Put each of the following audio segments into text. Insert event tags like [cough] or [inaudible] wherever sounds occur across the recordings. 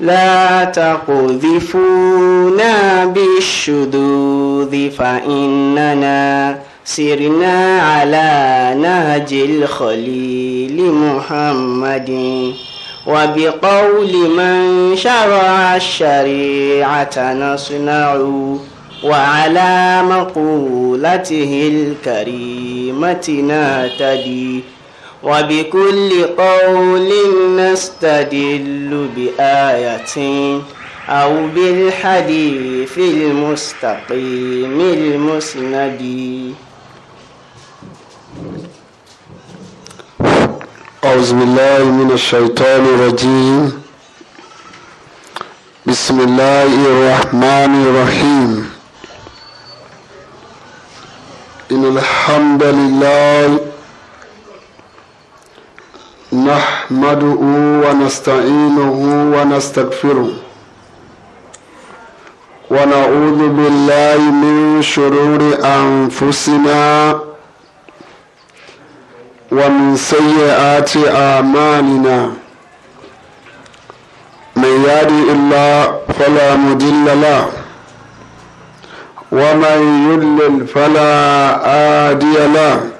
لا تقذفونا بالشذوذ فإننا سرنا على نهج الخليل محمد وبقول من شرع الشريعة نصنع وعلى مقولته الكريمة نهتدي وبكل قول نستدل بآية أو بالحديث المستقيم المسند أعوذ بالله من الشيطان الرجيم بسم الله الرحمن الرحيم إن الحمد لله نحمده ونستعينه ونستغفره ونعوذ بالله من شرور أنفسنا ومن سيئات أعمالنا من يهدي الله فلا مضل له ومن يضلل فلا هادي له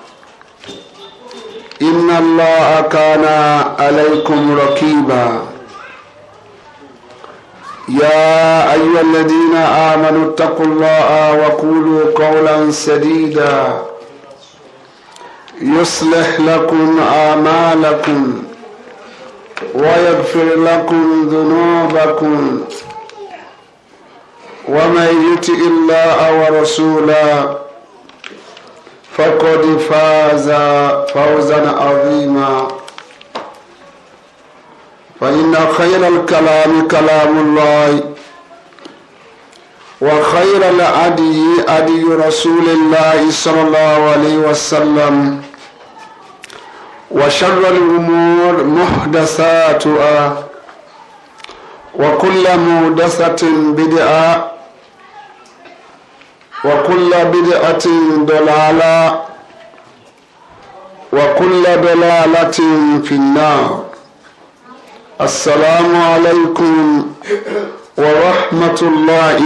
إن الله كان عليكم رقيبا يا أيها الذين آمنوا اتقوا الله وقولوا قولا سديدا يصلح لكم أعمالكم ويغفر لكم ذنوبكم ومن يطع الله ورسوله فقد فاز فوزا عظيما فإن خير الكلام كلام الله وخير الأدي أدي رسول الله صلى الله عليه وسلم وشر الأمور محدثاتها وكل محدثة بدعة وكل بدعة ضلالة وكل ضلالة في النار السلام عليكم ورحمة الله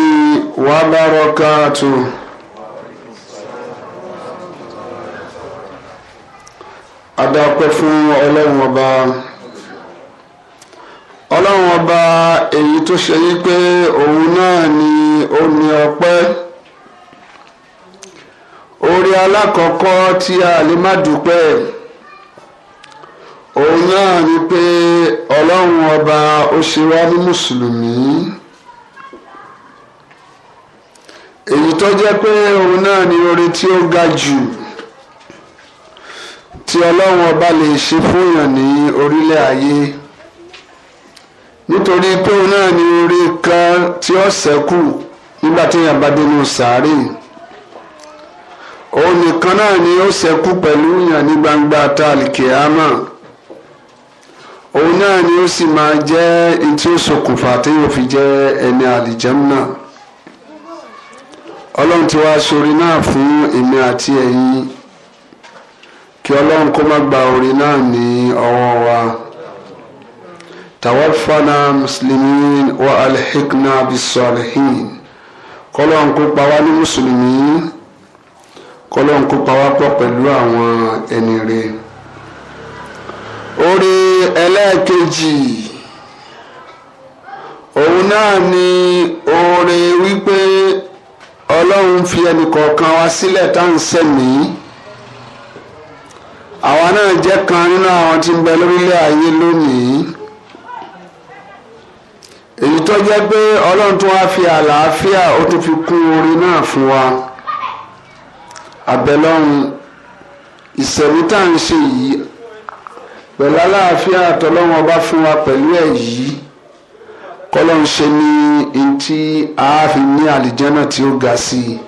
وبركاته adáàpẹ́ fún ọlọ́run ọba ọlọ́run ọba èyí tó ṣe yí orí alákọ̀ọ́kọ́ tí a lè má dúpẹ́ òun náà ni pé ọlọ́run ọba ó ṣe wá ní mùsùlùmí èyí tó jẹ́ pé òun náà ni oore tí ó ga jù tí ọlọ́run ọba lè ṣe fúnyàn ní orílẹ̀ ayé nítorí pé òun náà ni oore kan tí ó ṣẹ́kù nígbà téèyàn bá dénú sàárè òun nìkan náà ni ó ṣẹ́kù pẹ̀lú yàn ní gbangba tálíkìámà òun náà ni ó sì máa jẹ́ etí ó ṣokùnfà tí yóò fi jẹ́ ẹni àlìjẹ́mùnà ọlọ́run ti wá sórí náà fún èmi àti ẹ̀yin kí ọlọ́run kó má gba orin náà ní ọwọ́ wa tawafana muslimin wa alhikna bisalihin kọ́lọ́run kó pa wá ní mùsùlùmí. kọ́lọ́n kó pawápọ̀ pẹ̀lú àwọn ẹni rẹ̀ orí ẹlẹ́ẹ̀kejì òun náà ni oore wípé ọlọ́run fi ẹnìkọ̀ọ̀kan wa sílẹ̀ tá à ń sẹ̀mí àwa náà jẹ́ kan nínú àwọn tí ń bẹ lórílẹ̀ ayé lónìí èyí tó jẹ́ pé ọlọ́run tó wá fi àlàáfíà ó tún fi kún oore náà fún wa. àbẹ̀lọ́run ìṣẹ̀lú tá à ń ṣe yìí pẹ̀lú aláàfíà àtọ́lọ́run ọba fún wa pẹ̀lú ẹ̀ yìí kọ́lọ́run ṣe ní ntí àáfi ní àlìjẹ́nà tí ó ga sí i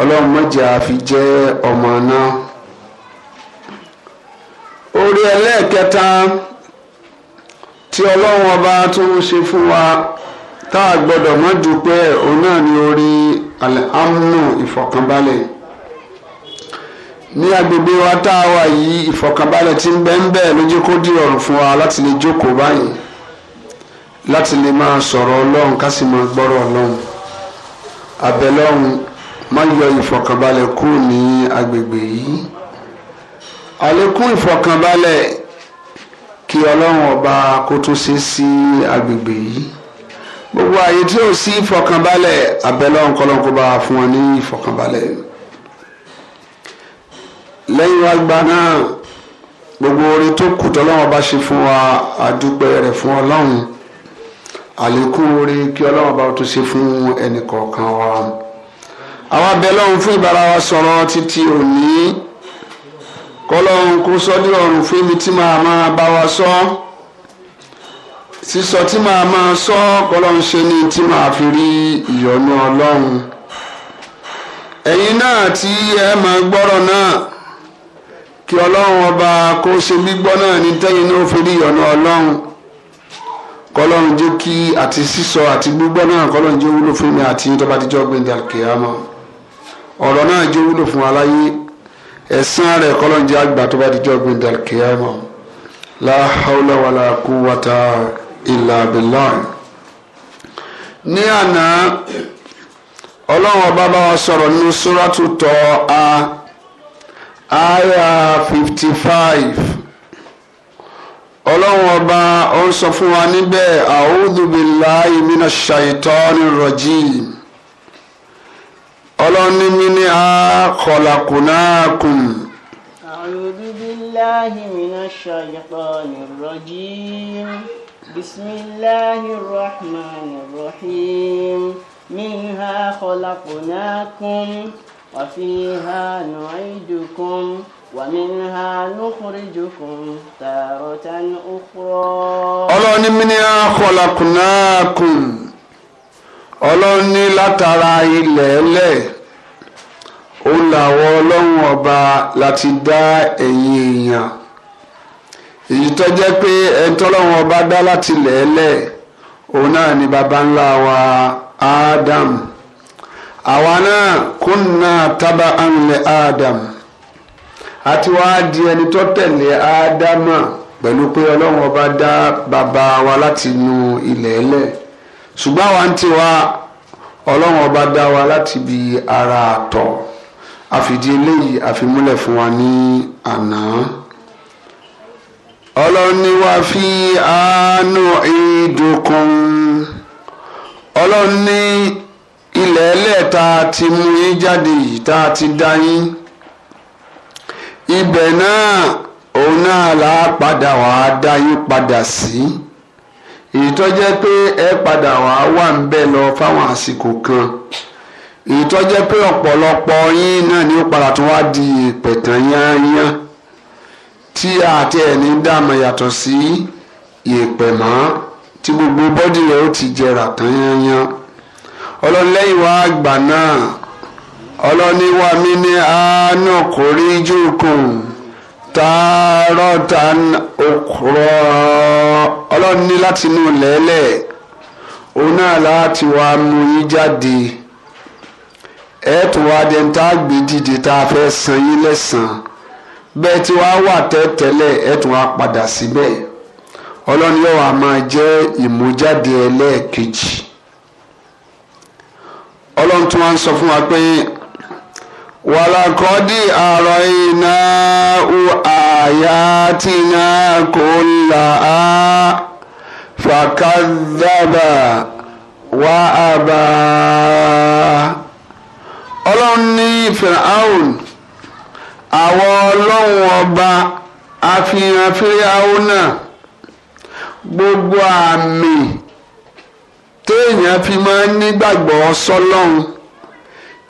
ọlọ́run mọ̀jẹ̀ àfi jẹ́ ọmọ náà. orí ẹlẹ́ẹ̀kẹta tí ọlọ́run ọba tó ń ṣe fún wa tá a gbọ́dọ̀ mọ̀ dúpẹ́ òun náà ni orí alẹ́ ìfọ̀kànbalẹ̀ ní agbègbè wa tá a wà yìí ìfọ̀kànbalẹ̀ tí ń bẹ ń bẹ ló jẹ́ kó di ọ̀rùn fún wa láti lè jókòó báyìí láti lè máa sọ̀rọ̀ ọlọ́run ká sì máa gbọ́rọ̀ ọlọ́run àbẹ̀lọ́run má yọ ìfọ̀kànbalẹ̀ kúrò ní agbègbè yìí àlékún ìfọ̀kànbalẹ̀ kí ọlọ́run ọba kó tún ṣe sí agbègbè yìí gbogbo àyè tí ò sí ìfọ̀kànbalẹ̀ àbẹ̀lọ́run kọ́lọ́n fún wọn ní ìfọ̀kànbalẹ̀ yìí lẹ́yìn wá gba náà gbogbo orin tó kù tọ́lọ́wọ́n bá ṣe fún wa àdúpẹ́ rẹ̀ fún ọlọ́run àlékún orin kí ọlọ́run bá tó ṣe fún ẹnì kọ̀ọ̀kan wa. àwa abẹ́ lọ́run fún ìbára wa sọ̀rọ̀ títí òní kọ́lọ́run kó sọ ní ọ̀run fún mi tí màá máa bá wa sọ sísọ tí màá máa sọ kọ́lọ́run ṣe ní tí màá fi rí ìyọ́nú ọlọ́run ẹ̀yin náà tí ẹ máa gbọ́rọ̀ náà kí ọlọ́run ọba kó ṣe gbígbọ́ náà ní tẹ́yìn náà fi rí ọ̀nà ọlọ́run kọlọ́run jẹ́ kí àti sísọ àti gbígbọ́ náà kọlọ́run jẹ́ wúlò fún mi àti tọ́ba àtijọ́ gbẹ̀ndẹ̀ àkèámọ́ ọ̀rọ̀ náà jẹ́ wúlò fún aláyé ẹ̀san rẹ̀ kọlọ́run jẹ́ àgbà tọ́ba àtijọ́ gbẹ̀ndẹ̀ àkèámọ́ la hawla wala quwwata illa billah ní àná ọlọ́run ọba bá wa sọ̀rọ̀ nínú sóràtútọ̀ a aya fifty five ọlọ́run ọba ó ń sọ fún wa níbẹ̀ a'udhu billahi minash shaitani rajim ọlọ́run ní minha khalaqnakum. a'udhu billahi minash shaitani rajim bismillahir rahmanir rahim minha khalaqnakum. وفيها نعيدكم ومنها نخرجكم تارة أخرى ọlọ́ni من kọlọ́kùnákùn ọlọ́ni látara ilẹ̀ ẹlẹ̀ ó làwọn ọlọ́run ọba láti dá ẹ̀yin èèyàn èyí tó jẹ́ pé ẹni tọ́lọ́run ọba dá láti ilẹ̀ òun náà ni baba ńlá wa Ádámù àwa náà kúnna tábà ànlẹ̀ Adam àti wàá di ẹni tó tẹ̀lé Ádámà pẹ̀lú pé ọlọ́run ọba dá bàbá wa láti inú ilẹ̀ ẹlẹ̀ ṣùgbọ́n àwa ń tiwa ọlọ́run ọba dá wa láti bi ara àtọ̀ àfìdí eléyìí àfimúlẹ̀ fún wa ní àná ọlọ́ni wá fi àánú ìdùnkùn ọlọ́ni ilẹ̀ ẹlẹ́ẹ̀ta ti mú yín jáde yìí tá a ti dá yín ibẹ̀ náà òun náà là á padà wà á dá yín padà sí èyí pé ẹ padà wà wà ń bẹ̀ lọ fáwọn àsìkò kan èyí pé ọ̀pọ̀lọpọ̀ yín náà ni ó padà tún wá di ìpẹ̀tàn yányán tí àti ẹni dààmú yàtọ̀ sí ìpẹ̀mọ́ tí gbogbo bọ́dì rẹ̀ ó ti jẹrà tán yányán ọlọ́lẹ́yìn wa àgbà náà ọlọ́ni wa mi ní àánú kò rí jùkùn tààrọ̀ tan òkúrọ̀ ọlọ́ni láti inú lẹ́lẹ̀ òun náà láti wá mú yín jáde ẹ̀ẹ́tù wa dẹ̀ ń tá a gbé dìde tá a fẹ́ san yín lẹ́sàn-án bẹ́ẹ̀ tí wàá wà tẹ́tẹ́lẹ̀ ẹ̀ẹ́tù wa padà síbẹ̀ ọlọ́ni yóò wá máa jẹ́ ìmújáde ẹlẹ́ẹ̀kejì ọlọ́run tí wọ́n ń sọ fún wa pé wàlàkọ́dí àrọ̀ iná àyà tìǹà kò là á fàkàdàbà wà àbà. ọlọ́run ní fìràhùn àwọn ọlọ́run ọba àfihàn fìràhùn náà gbogbo àmì. téèyàn fi máa ń nígbàgbọ́ sọ́lọ́run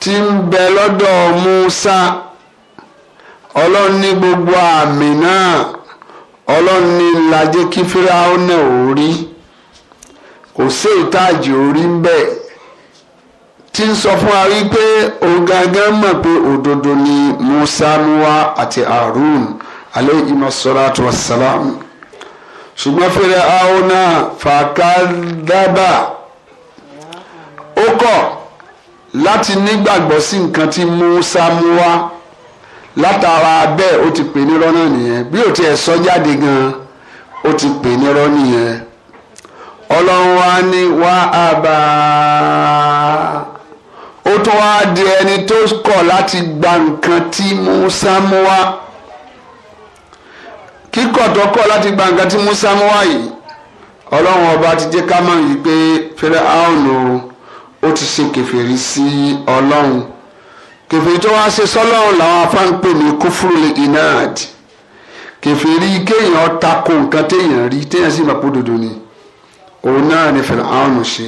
ti ń bẹ lọ́dọ̀ Musa ọlọ́run ní gbogbo àmì náà ọlọ́run ní lajẹ́ kí Fíráúnà ò rí kò sí ìtajì orí ń bẹ tí ń sọ fún wa wípé òun gangan mọ̀ pé òdodo ni Musa muwa àti Harun aleyhi masalatu wassalam ṣùgbọ́n fàkàdábà. ó kọ̀ láti nígbàgbọ́ sí nǹkan tí Musa mú wá látara bẹ́ẹ̀ ó ti pè nírọ́ náà nìyẹn bí ó tiẹ̀ sọ jáde gan ó ti pè nírọ́ nìyẹn ọlọ́run wa ní wá àbá ó tún wá di ẹni tó kọ̀ láti gba nǹkan tí Musa mú wá kíkọ̀ tó kọ̀ láti gba nǹkan tí Musa mú wá yìí ọlọ́run ọba ti jẹ́ ká mọ̀ yìí pé fẹ́rẹ́ áhùn lòun ó ti ṣe kèfèrí sí ọlọ́run kèfèrí tó wá ṣe sọ́lọ́run làwọn afáǹpè ní kúfúrúlé inad kèfèrí kéèyàn tako nǹkan téèyàn rí téèyàn sì máa kú dodo ni òun náà ni fẹ̀rẹ̀ àwọn ṣe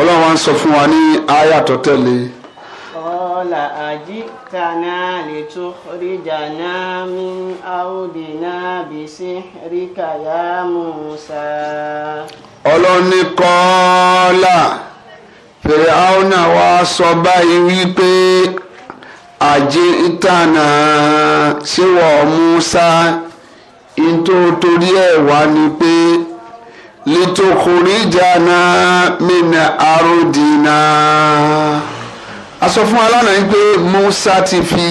ọlọ́run wa ń sọ fún wa ní àyà tó tẹ̀lé. ọ̀la àjí kaná lè tún ríjà náà mi àwòdì náà bí sí ríkà yá Mùsá. ọlọ́ni kọ́ọ́là fèrè áwọnà wa sọ báyìí wípé àjẹ ìtànà síwọ̀ Musa ìtò torí ẹ̀ wá ni pé litokorijana mina arodina a sọ fún alánà yìí pé Musa ti fi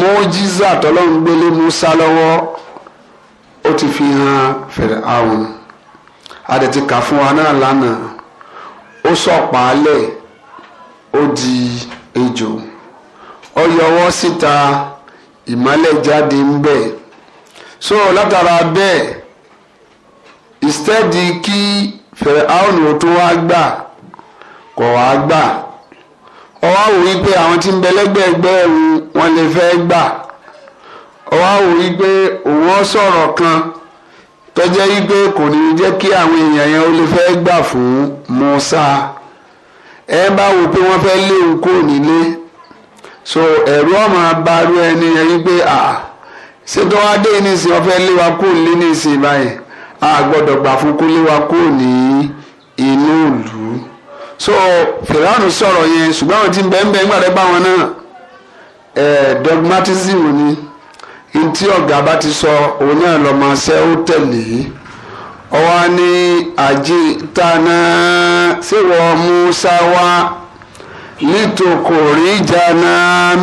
mọ́jísà tọ́lọ́ngbélé Musa lọ́wọ́ ó ti fi hàn fèrè áwọnà. a dẹ̀ ti kà fún wa náà lánàá ó sọ sọ̀pàálẹ̀ ó di ejò ó yọwọ́ síta ìmọ́lẹ̀ jáde ń bẹ so látara bẹ́ẹ̀ ìstẹ́ẹ̀dì kí fẹ̀rẹ̀ áwòrán tó wá gbà kọ̀ wá gbà ọwọ́ wò wí pé àwọn tí ń bẹ lẹ́gbẹ̀ẹ́gbẹ́ wọn lè fẹ́ gbà ọwọ́ wò wí pé òun ọ̀ sọ̀rọ̀ kan tọ́jẹ́ yí pé kò ní jẹ́ kí àwọn èèyàn yẹn ó lè fẹ́ gbà fún Musa ẹ bá wo pé wọ́n fẹ́ léwu kó nílé so ẹ̀rú ọmọ abarú ẹni yẹn yí pé à ṣètò wa dé nísìn wọ́n fẹ́ léwa kó nílé nísìn báyìí a gbọ́dọ̀ gbà fún kó léwa kó ní inú ìlú so fìlànà sọ̀rọ̀ yẹn ṣùgbọ́n àwọn tí ń bẹ́ẹ̀ ń bẹ́ẹ̀ ń gbàdẹ́ bá wọn náà dogmatism ni. Eh, ntí ọ̀gá bá ti sọ òun náà lọ máa ṣe ó tẹ̀lé ọwọ́ ní àjítánà síwọ Musa wá nítòkòrí jana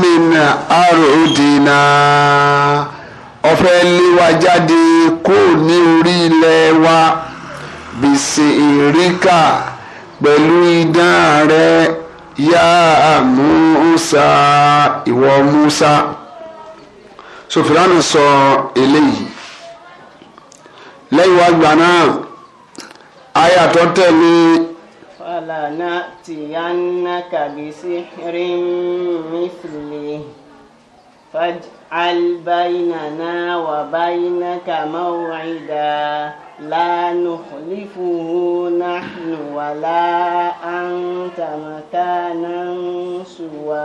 mina arúdìnà ọ̀fẹ́ léwa jáde kó ní orí ilẹ̀ wa bìsì ìríkà pẹ̀lú idán rẹ̀ yá Musa ìwọ Musa so fìlànà sọ eléyìí lẹ́yìn wá gbà náà àyà tó tẹ̀lé. fàlà náà ti yá ná kàbíyèsí rí mífìlì fàjàl báyìnàná wà báyìnàkà mọ́wáìdá lánà nífùhù náà wà láà ń tàmátà náà ń sùwà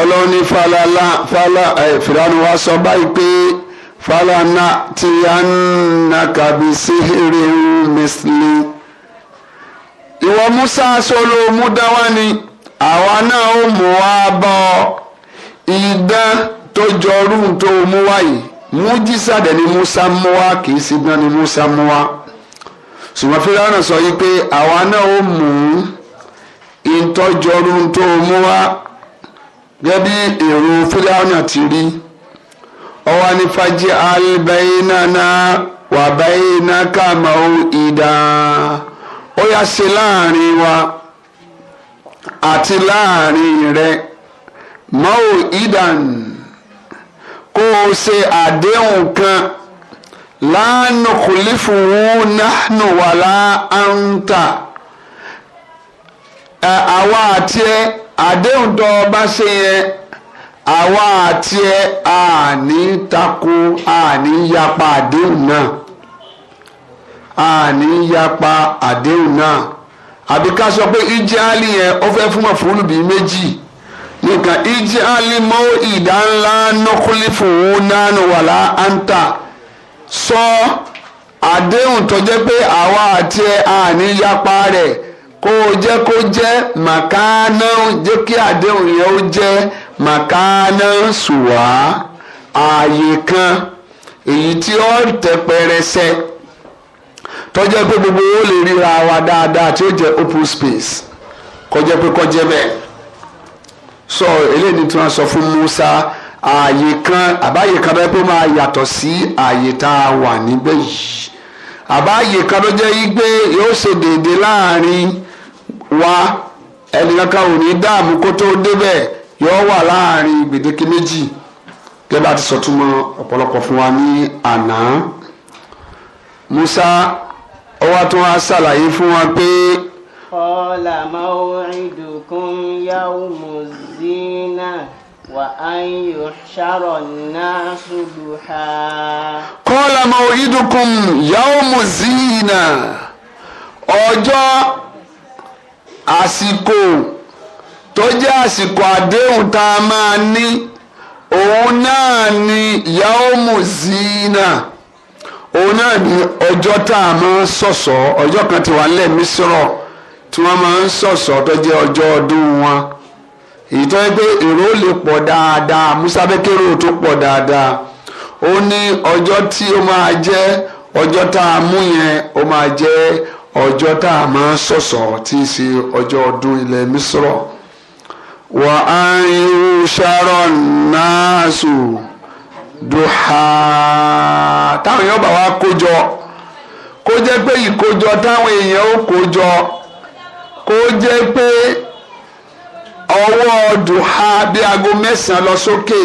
ọlọ́run ní falala fala ẹ̀ fìlànà wa sọ báyìí pé falana ti na kàbí síhìrì mẹsìlì. ìwọ musa sọlọ múdáwá ni àwa náà ó mú wa bọ idán tó jọrú tó mú wáyìí mújísà dẹ̀ ni musa mú wa kì í sí dán ni musa mú wa ṣùgbọ́n fìlànà sọ yìí pé àwa náà ó mú ìtọ́jọ́rú tó mú wa gẹ́gẹ́ bí èrò fúláwọnà ti rí ọwọ́ ní fàájì albainana wà báyìíná kàmá ó ìdá ó yá ṣe láàrin wa àti láàrin rẹ mọ́ ó ìdán kó o ṣe àdéhùn kan láàánú kùlífùwù náànú wàlá àǹtà àwa àti ẹ àdéhùn tó o bá ṣe yẹn àwa àti ẹ àní tako àní yapa àdéhùn náà àní yapa àdéhùn náà àbí ká sọ pé ìjẹ́álì yẹn ó fẹ́ fún ọ̀fúnlù bíi méjì nìkan ìjẹ́álì mọ́ ìdá ńlá nọ́kúlì fún nánú wàlá áńtà sọ àdéhùn tó jẹ́ pé àwa àti ẹ àní yapa rẹ̀ kó o jẹ́ kó jẹ́ màkánà jẹ́ kí àdéhùn yẹn ó jẹ́ màkánà sùwà ààyè kan èyí tí ó tẹ́ pẹrẹsẹ tọ́jọ́ pé gbogbo ó lè ríra wa dáadáa tí ó jẹ́ open space kọjá pé kọjá bẹ́ẹ̀ sọ eléyìí tí wọ́n sọ fún Musa ààyè kan àbáyè kan bẹ́ẹ̀ pé máa yàtọ̀ sí ààyè tá a wà níbẹ̀ yìí àbáyè kan ló jẹ́ yí pé yóò ṣe déédéé láàrin wá ẹnìkankan ò ní dààmú kó tó débẹ̀ yóò wà láàrin gbèdéke méjì gẹ́gẹ́ bá ti sọ̀túnmọ́ ọ̀pọ̀lọpọ̀ fún wa ní àná Musa ọwọ́ tó wá ṣàlàyé fún wa pé. Qala maw'idukum yawmu zina wa an yuhshara an-nasu duha. Qala maw'idukum yawmu zina ọjọ́ àsìkò tó jẹ́ àsìkò àdéhùn tá a máa ní òun náà ni yaumu zina òun náà ni ọjọ́ tá a máa ń ṣọ̀ṣọ́ ọjọ́ kan ti wà nílẹ̀ mísírọ̀ tí wọ́n máa ń ṣọ̀ṣọ́ tó jẹ́ ọjọ́ ọdún wọn èyí tó yẹ pé èrò lè musa bẹ́kẹ́rò tó pọ̀ dáadáa ó ní ọjọ́ tí ó máa jẹ́ ọjọ́ tá a mú yẹn ó máa jẹ́ ọjọ́ tá a máa ṣọ̀ṣọ̀ tí í ṣe ọjọ́ ọdún ilẹ̀ wa wà á irú ṣàrọ̀ náà sùn dùhà táwọn èèyàn bá wá kójọ kó jẹ́ pé ìkójọ táwọn èèyàn ó kójọ kó jẹ́ pé ọwọ́ dùhà bí aago mẹ́sàn lọ sókè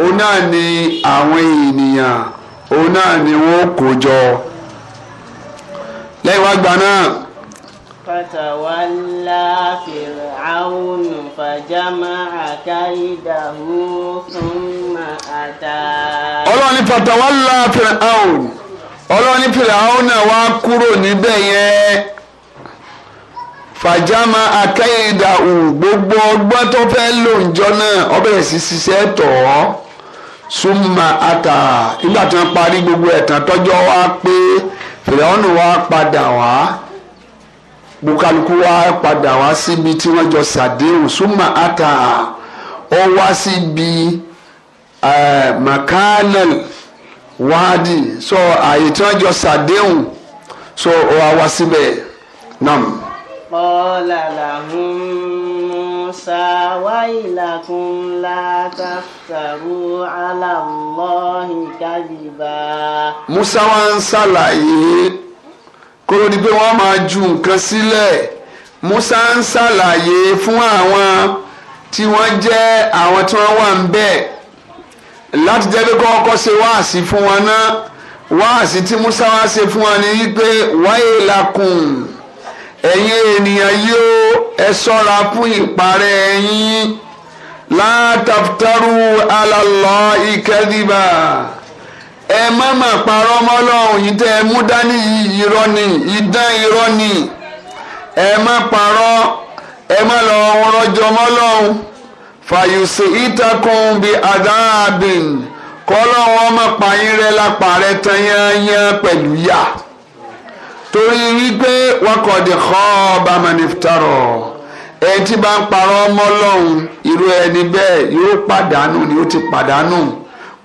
òun náà ni àwọn ènìyàn òun náà ni wọ́n kójọ. lẹ́yìn wá gbà náà. fatawalla fir'aunu fajama'a kaidahu thumma ata. ọlọ́ni fatawalla fir'aunu ọlọ́ni fir'aunu náà wá kúrò níbẹ̀ yẹn fàjámà akẹ́yìndàhù gbogbo ọgbọ́n tó fẹ́ lò ńjọ náà ó bẹ̀rẹ̀ sí ṣiṣẹ́ tọ̀ ọ́ súnmọ́ àtà nígbà tí wọ́n parí gbogbo ẹ̀tàn tọ́jọ́ wá pé fìrẹ́wọ́nù wa padà wá bukaluku wa padà wá síbi tí wọ́n jọ sàdéhùn súnmọ́ àtà ó wá síbi makanel wáàdì so àyè tí wọ́n jọ sàdéhùn so ó wá wá síbẹ̀ náà. mọ́ làlà mú. موسى ويلكم لا تفتروا على الله كذبا Musa wá ń ṣàlàyé kóró ni pé wọ́n máa ju nǹkan sílẹ̀ Musa ń ṣàlàyé fún àwọn tí wọ́n jẹ́ àwọn tí wọ́n wà ń bẹ̀ láti jẹ́ pé kọ́kọ́ ṣe wáàsí fún wọn náà wáàsí tí Musa wá ṣe fún wọn ni wípé wáyé lakùn ẹ̀yin ènìyàn yóò ẹ ṣọ́ra fún ìparẹ́ yín látàfítàrú alàlọ́ ìkẹ́dìbà ẹ má mà parọ́ mọ́ Ọlọ́run yìí tẹ́ ẹ mú dání yìí irọ́ ni idán irọ́ ni ẹ má parọ́ ẹ má lọ rọjò mọ́ Ọlọ́run fàyòsè ìtàkùn bíi àdáàbìn kọ́ ọmọ pààyàn rẹ̀ lápá tán yányán pẹ̀lú yá torí wípé wakọ̀dì khaba maniftaro ẹni tí bá ń parọ́ mọ́ Ọlọ́hun irú ẹni bẹ́ẹ̀ yóò pàdánù ni ó ti pàdánù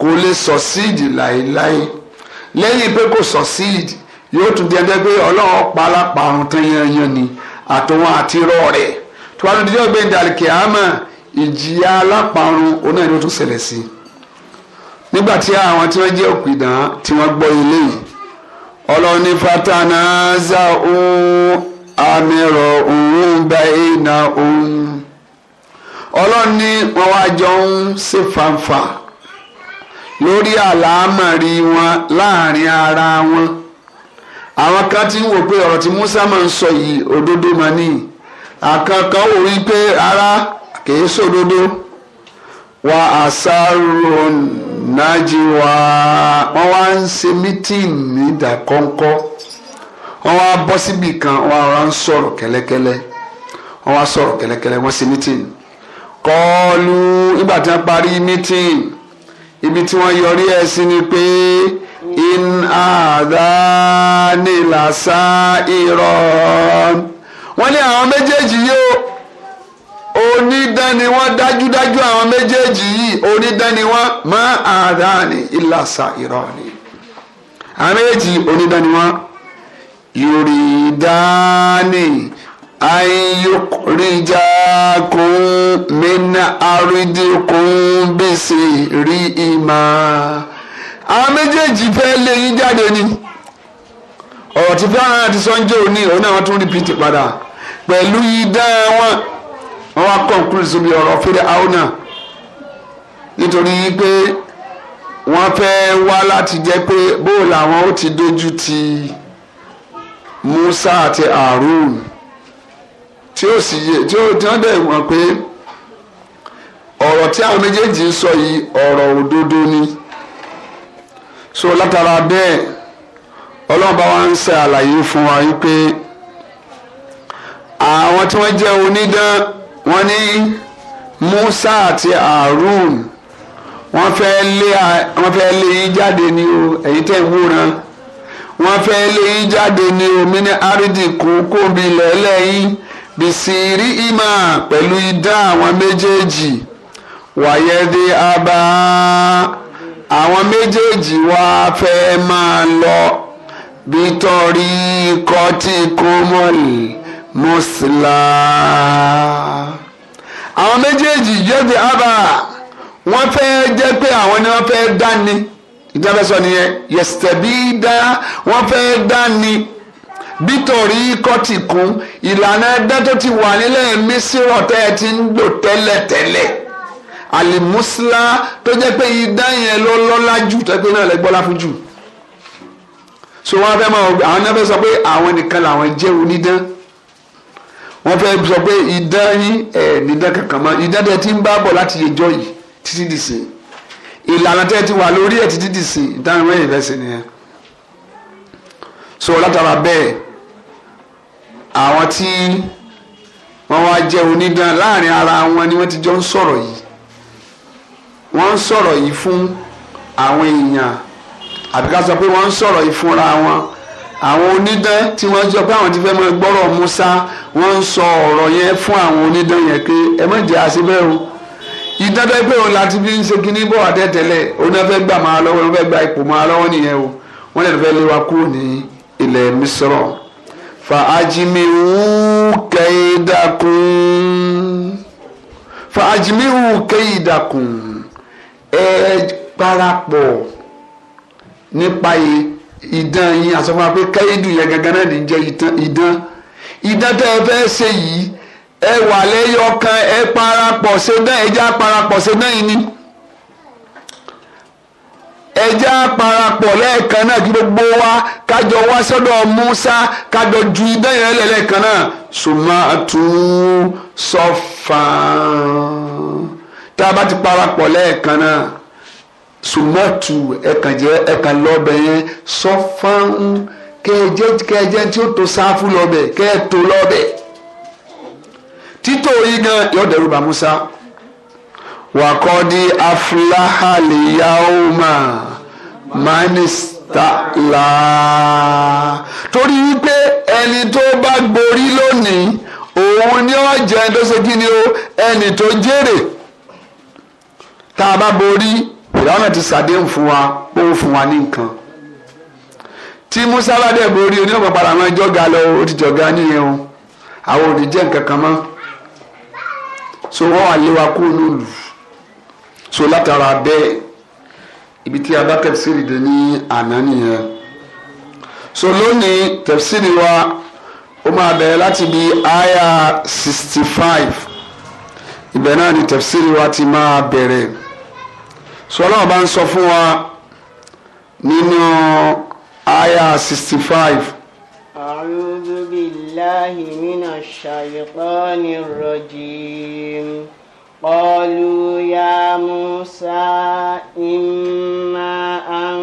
kò lè sọ̀síìdì láéláé lẹ́yìn pé kò sọ̀síìdì yóò tún dẹ́gbẹ́ pé ọlọ́run pa aláparun tán yanyan ni àtòwọn àti irọ́ rẹ̀ tó bá dúdú ọgbẹ́ ìdàlùkì ìjìyà aláparun onáà ni ó tún ṣẹlẹ̀ sí nígbà tí àwọn tí wọ́n jẹ́ òpìdán tí wọ́n gbọ́ eléyìí ọlọ́run ní fatana za òun amírọ̀ òun gba iná òun ọlọ́run ní wọ́n wá jọ ń ṣe fanfa lórí àlámọ̀rí wọn láàrin ara wọn àwọn kan ti ń wò pé ọ̀rọ̀ tí Musa máa ń sọ yìí òdodo mà ní àkànkàn wò rí pé ara kìí sòdodo wà á sáré òun nájíwá wọ́n wá ń ṣe mítìn ní ìdákọ́ńkọ́ wọ́n wá bọ́ síbì kan wọ́n wá ń sọ̀rọ̀ kẹ́lẹ́kẹ́lẹ́ wọ́n wá sọ̀rọ̀ kẹ́lẹ́kẹ́lẹ́ wọ́n ṣe mítìn kọ́ọ̀lù nígbà tí wọ́n parí mítìn ibi tí wọ́n yọrí ẹ̀ sí ni pé in àdáni làṣà ìrọ̀ wọ́n ní àwọn méjèèjì yóò onídán ni wọ́n dájúdájú àwọn méjèèjì yìí onídán ni wọ́n má àdáni ìlàsà ìrọ̀lì àwọn méjèèjì onídán ni wọ́n yorìdáni ayọkùnrinjà kún mẹ́nà àrídìkún bẹ́sẹ̀ rí ìmà àwọn méjèèjì fẹ́ lé yín jáde ni ọ̀rọ̀ tí fẹ́ràn àti sọ́njẹ́ òní òun náà wọ́n tún rìpítì padà pẹ̀lú idán wọn wọ́n wá conclude sóbi ọ̀rọ̀ fèrè aona nítorí pé wọ́n fẹ́ wá láti jẹ́ pé bóò làwọn ó ti dojú ti Musa àti Arun tí ó sì yé tí ó tí wọ́n dẹ̀ wọ́n pé ọ̀rọ̀ tí àwọn méjèèjì ń sọ yìí ọ̀rọ̀ òdodo ni so látara bẹ́ẹ̀ ọlọ́run bá wa ń ṣe àlàyé fún wa yìí pé àwọn tí wọ́n jẹ́ onídán wọ́n ní Musa àti Harun wọ́n fẹ́ lé wọ́n fẹ́ lé yín jáde ní o ẹ̀yin tẹ́ wúran wọ́n fẹ́ lé yín jáde ní omi ní árídì kókó mi lẹ́lẹ́yìn bìsìrí ìmà pẹ̀lú idá àwọn méjèèjì wàyẹ̀dẹ̀ àbá àwọn méjèèjì wá fẹ́ máa lọ bítorí kọ́tí kómọ́lì mọ́sílá. àwọn méjèèjì jẹ́bi abba wọ́n fẹ́ jẹ́ pé àwọn ni wọ́n fẹ́ dání ìjábẹ́ sọ nìyẹn yẹ̀sítẹ̀bí dá wọ́n fẹ́ dání bítorí kọ́tìkún ìlànà ẹgbẹ́ tó ti wà nílẹ̀ mísírọ̀ tẹ́ ẹ ti ń lò tẹ́lẹ̀tẹ́lẹ̀ àlìmúsílá tó jẹ́ pé idán yẹn ló lọ́lá jù tó pé náà lẹ́gbọ́lá fún jù so wọ́n fẹ́ mọ̀ àwọn náà fẹ́ sọ pé àwọn nìkan làwọn jẹ́ onídán wọ́n fẹ́ sọ pé idán yín ẹ̀ nídán kankan mọ́ idán tẹ́ ti ń bá bọ̀ láti ẹjọ́ yìí títí di sìn ìlànà tẹ́ ti wà lórí ẹ̀ títí di sìn ìdáhùn wẹ́n yìí fẹ́sẹ̀ nìyẹn. so látara bẹ́ẹ̀ àwọn tí wọ́n wá jẹ́ onídán láàrin ara wọn ni wọ́n ti jọ ń sọ̀rọ̀ yìí wọ́n ń sọ̀rọ̀ yìí fún àwọn èèyàn àbíká sọ pé wọ́n ń sọ̀rọ̀ yìí fúnra wọn àwọn onídán tí wọ́n jọ pé àwọn ti fẹ́ máa gbọ́rọ̀ Musa wọ́n ń sọ ọ̀rọ̀ yẹn fún àwọn onídán yẹn pé ẹ má jẹ́ àṣebẹ́ o ìdájọ́ pé òun láti fi ń ṣe kinní bọ̀ àtẹ̀tẹ̀lẹ̀ òun náà fẹ́ gbà máa lọ́wọ́ òun fẹ́ gba ipò máa lọ́wọ́ nìyẹn o wọ́n lè fẹ́ lé wa kúrò ní ilẹ̀ Misrọ̀ fa ajimiru kẹ́hìndàkùn fa ajimiru kẹ́hìndàkùn ẹ parapọ̀ nípa yìí ìdán yín àsọfún wa pé káyédù yẹn gangan náà ní jẹ́ ìdán ìdán tẹ́ ẹ fẹ́ ṣe yìí ẹ wà lẹ́yọ̀ kan ẹ parapọ̀ ṣe dán ẹja parapọ̀ ṣe dán yìí ni ẹja parapọ̀ lẹ́ẹ̀kan náà kí gbogbo wa kájọ wá sọ́dọ̀ Musa kájọ ju idán yẹn lẹ́ẹ̀kan náà sùnmọ́ àtúnṣọ́fà tá a bá ti parapọ̀ lẹ́ẹ̀kan náà sùmọ́tù ẹ̀kàn jẹ́ ẹ̀kàn lọ́bẹ̀ yẹn sọ fáwọn kẹjẹ kẹjẹ tí ó to sáfù lọ́bẹ̀ kẹ́ẹ̀tò lọ́bẹ̀ títò yìí gan yóò dẹ̀rù bá Musa wàkọ́dí afúláhàlìyáwòmá mínísítà là torí wípé ẹni tó bá gborí lónìí òun ni ó jẹ́ ẹni tó ṣe kí ni ó ẹni tó jèrè tá a bá borí ìyàwó náà ti ṣàdéhùn fún wa ó fún wa ní nǹkan tí musa bá dẹ̀ borí oníwọ̀n padà máa jọ́ga lọ ó ti jọ̀ga nìyẹn o àwọn ò jẹ́ nǹkan kan mọ́ so wọ́n wà lé wa kú lólu so látara bẹ́ẹ̀ ibi tí abá tẹ̀síìrì dé ní àná nìyẹn so lónìí tẹ̀síìrì wa ó máa bẹ̀rẹ̀ láti bí aya sixty five ibẹ̀ náà ni tẹ̀síìrì wa ti máa bẹ̀rẹ̀ sọlá ọba ń sọ fún wa nínú aya sixty five. أعوذ بالله من الشيطان الرجيم قالوا يا موسى إما أن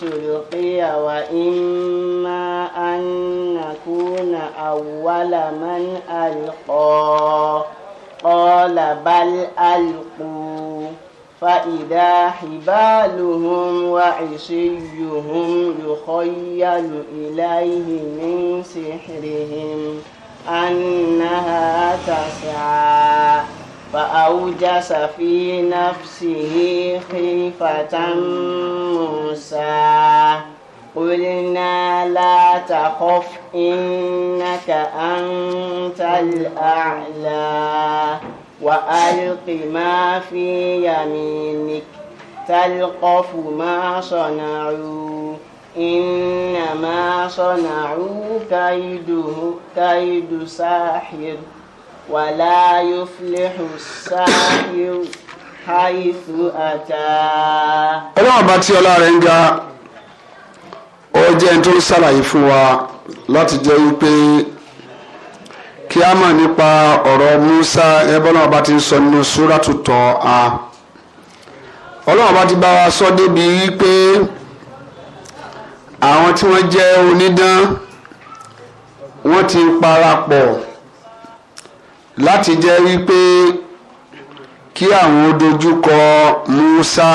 تلقي وإما أن نكون أول من ألقى قال بل ألقوا فإذا حبالهم وعصيهم يخيل إليه من سحرهم أنها تسعى فأوجس في نفسه خيفة موسى قلنا لا تخف إنك أنت الأعلى وألقي ما في يمينك تلقف ما صنعوا إنما صنعوا كيده كيد ساحر ولا يفلح الساحر حيث أتى أنا باتي tí رنجا، أوجي ń ga فوا، لا ń kí a mọ̀ nípa ọ̀rọ̀ Musa ẹbọ́n náà bá ti ń sọ nínú súrátù tọ́ a ọlọ́run bá ti bá wa sọ débi wípé àwọn tí wọ́n jẹ́ onídán wọ́n ti parapọ̀ láti jẹ́ wípé kí àwọn dojúkọ Musa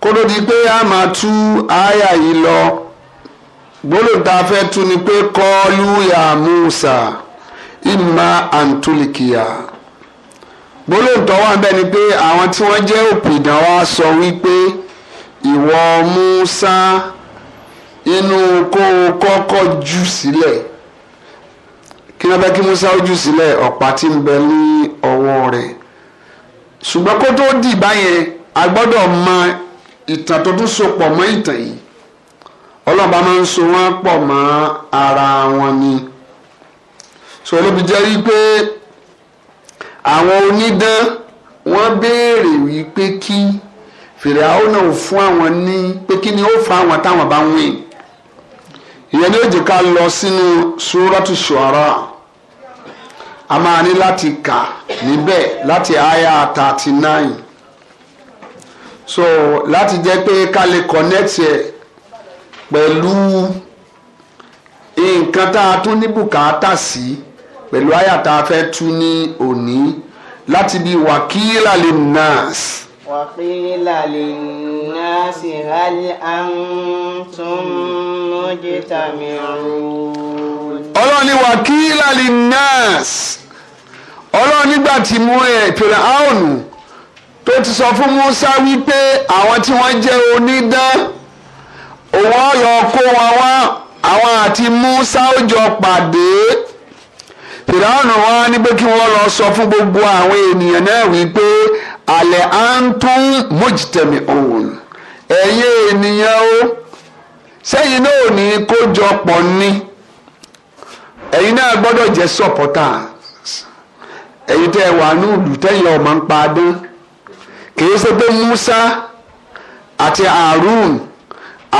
kó ló di pé a máa tú àyà yìí lọ gbólóńtà fẹ́ tún ni pé kọ́ọ́lù ya Musa ìmà àǹtólìkìyà gbólóńtà wà bẹ́ẹ̀ ni pé àwọn tí wọ́n jẹ́ òpìdán wa sọ wípé ìwọ Musa inú kó o kọ́kọ́ jù sílẹ̀ kí wọ́n fẹ́ kí Musa ó jù sílẹ̀ ọ̀pá tí ń bẹ ní ọwọ́ rẹ̀ ṣùgbọ́n kó tó dì báyẹn a gbọ́dọ̀ mọ ìtàn tó tún so mọ́ ìtàn yìí ọlọ́ba máa ń so wọ́n pọ̀ mọ́ ara wọn ni so olóbi jẹ́ rí pé àwọn onídán wọ́n béèrè wípé kí fìràwọ́ náà fún àwọn ní pé kí ni ó fa àwọn táwọn bá ń wìn ìyẹn ni ó ká lọ sínú Suratu Shu'ara a máa ní láti kà níbẹ̀ láti àyà thirty nine so láti jẹ́ pé ká lè connect yẹn pẹ̀lú nǹkan tá a tún ní bùkátà sí pẹ̀lú àyà tá a fẹ́ tú ní òní láti bí wàkílà lè nàásì. وقيل للناس هل أنتم مجتمعون ọlọ́run ní wàkílà linnas ọlọ́run nígbà tí mú ẹ pèrè áònù tó ti sọ fún Musa wípé àwọn tí wọ́n jẹ́ onídán òun ọ̀yọ́ kó wọn wá àwọn àti Musa ó jọ pàdé fìdáhùnù wọn ní pé kí wọ́n lọ sọ fún gbogbo àwọn ènìyàn náà wípé àlẹ́ à ń òun ẹ̀yẹ ènìyàn ó sẹ́yìn náà ní kó jọ pọ̀ ní ẹ̀yin náà gbọ́dọ̀ jẹ́ wà ní Musa àti Harun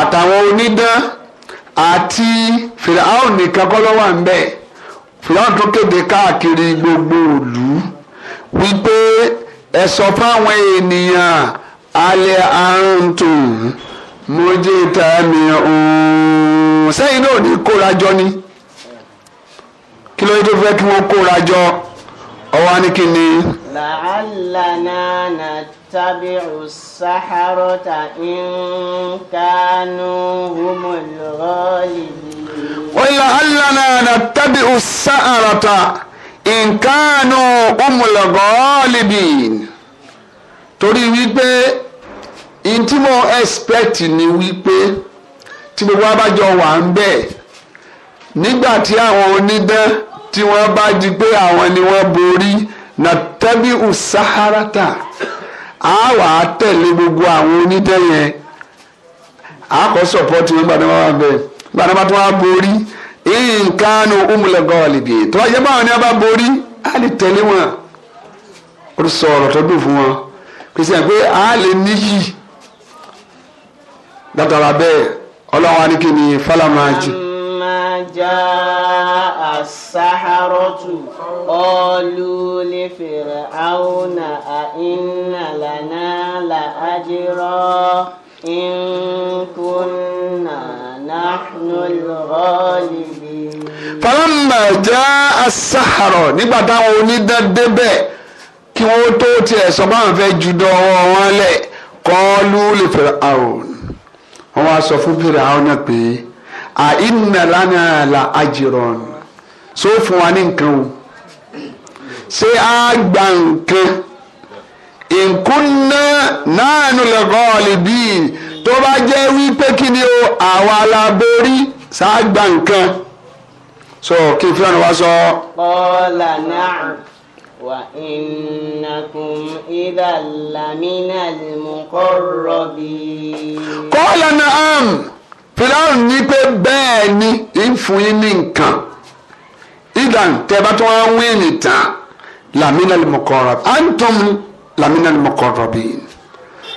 àtàwọn onídán àti fìràhùn nìkan kọ́ ló wà ń bẹ̀ fìràhùn tó kéde káàkiri gbogbo ìlú wípé ẹ sọ fáwọn ènìyàn alẹ́ àrùn tòun mojé ta mi sẹ́yìn náà ní kóra ni kí ló dé tó fẹ́ kí wọ́n kóra ọwọ́ á kí ni. làálàá náà nà tó. اتبعوا السحرة إن كانوا هم الغالبين قل لعلنا نتبع السحرة إن كانوا هم الغالبين torí wípé in tí mo expect ni wípé tí gbogbo abájọ wà ń bẹ̀ nígbà tí àwọn onídán tí wọ́n bá di pé àwọn ni wọ́n borí a wà á tẹ̀lé gbogbo àwọn onídẹ́ a kọ́ sọ̀pọ́tì wọn gbàdúrà wà bẹ́ẹ̀ gbàdúrà tó wà borí nǹkan ọmọlẹ́gọ́ ọ̀lẹ́bí tó wà yẹ báwọn a bá borí a lè tẹ̀lé wọn ó sọ ọ̀rọ̀ tó dùn fún wọn a lè níyì bẹ́ẹ̀ ọlọ́wọ́n ni fálámà جاء السحرة قالوا لفرعون أئن لنا لأجرا إن كنا نحن الغالبين فلما جاء السحرة nígbà táwọn onídán débẹ̀ kí wọ́n tó tiẹ̀ sọ bá wọn fẹ́ ju dọ́wọ́ wọn lẹ̀ قالوا لفرعون wọ́n wá sọ fún Fáráò náà pé àìnà lánàá la àjìrọ̀n so fún wa ní nǹkan o ṣé a gba nǹkan ìkúnná nánú lẹ́kọ́ ọ̀lẹ́bí tó bá jẹ́ wípé kí ni o àwa la borí ṣáà gba nǹkan so kí n fúlàní wa sọ. ọ̀la náà wà ìnàkùn ìdàlámínà lè mú kọ́ rọ̀bì. kọ́lá fìlàrùn ní pé bẹ́ẹ̀ ni ìfún yín ní nǹkan ìdàn tẹ́bá tó wá ń wíìnì tán lamina mọ̀kọ́rọ̀ antum lamina mọ̀kọ́rọ̀ bíi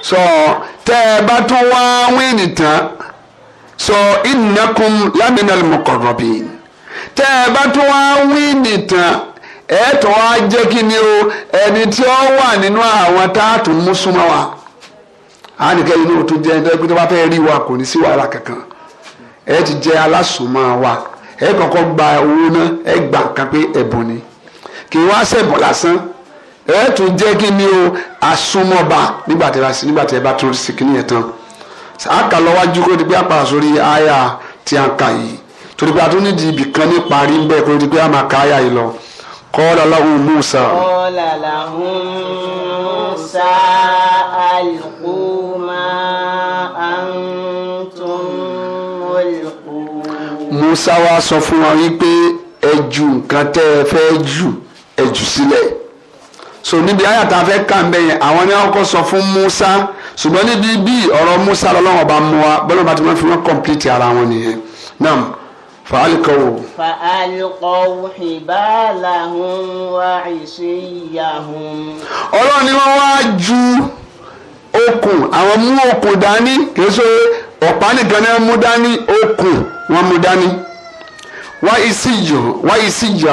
sọ tẹ́ẹ̀bá tó wá wíìnì tán sọ ìnákun lamina mọ̀kọ́rọ̀ bíi tẹ́ẹ̀bá tó wá wíìnì tán ẹ̀ẹ́tọ̀ wá jẹ́ kí ni o ẹni tí ó wà nínú àwọn táàtù mú súnmọ́ wa àánìkẹ́ inú tó jẹ́ ẹni tó bá fẹ́ rí wa kò ní sí wàhálà kankan ẹ ti jẹ́ alásùnmọ́ wa ẹ kọ́kọ́ gba owó náà ẹ gbà nǹkan pé ẹ̀bùn ni kì í wá ṣẹ̀bùn lásán ẹ tún jẹ́ kí ni o àsùnmọ́ba nígbà tí ẹ bá tún sí kíní yẹn tán àkà lọ́wájú kó di pé àpàrà sórí àyà tí a ń kà yìí torí pé a tún nídìí ibì kan ní parí bẹ́ẹ̀ kó di pé a máa ka àyà yìí lọ kọ́lá láhùn Musa. kọ́lá láhùn Musa alùpùpù. Musa wá sọ fún wọn wípé ẹ nǹkan tẹ́ ẹ fẹ́ jù ẹ jù so níbi ayàtà fẹ́ kà ń bẹ̀yẹn àwọn ni wọ́n kọ́ sọ fún Musa ṣùgbọ́n níbi bí ọ̀rọ̀ Musa lọ́lọ́wọ́ bá mú wa bọ́lá bá ti fi wọ́n kọ́ńpìlìtì ara wọn nìyẹn náà. فألقوا فألقوا حبالهم وعصيهم ọlọ́run ni wọ́n wá ju okùn àwọn mú okùn dání kì í ṣe ọ̀pá nìkan náà mú dání okùn wọn mú dání wá isi jù wá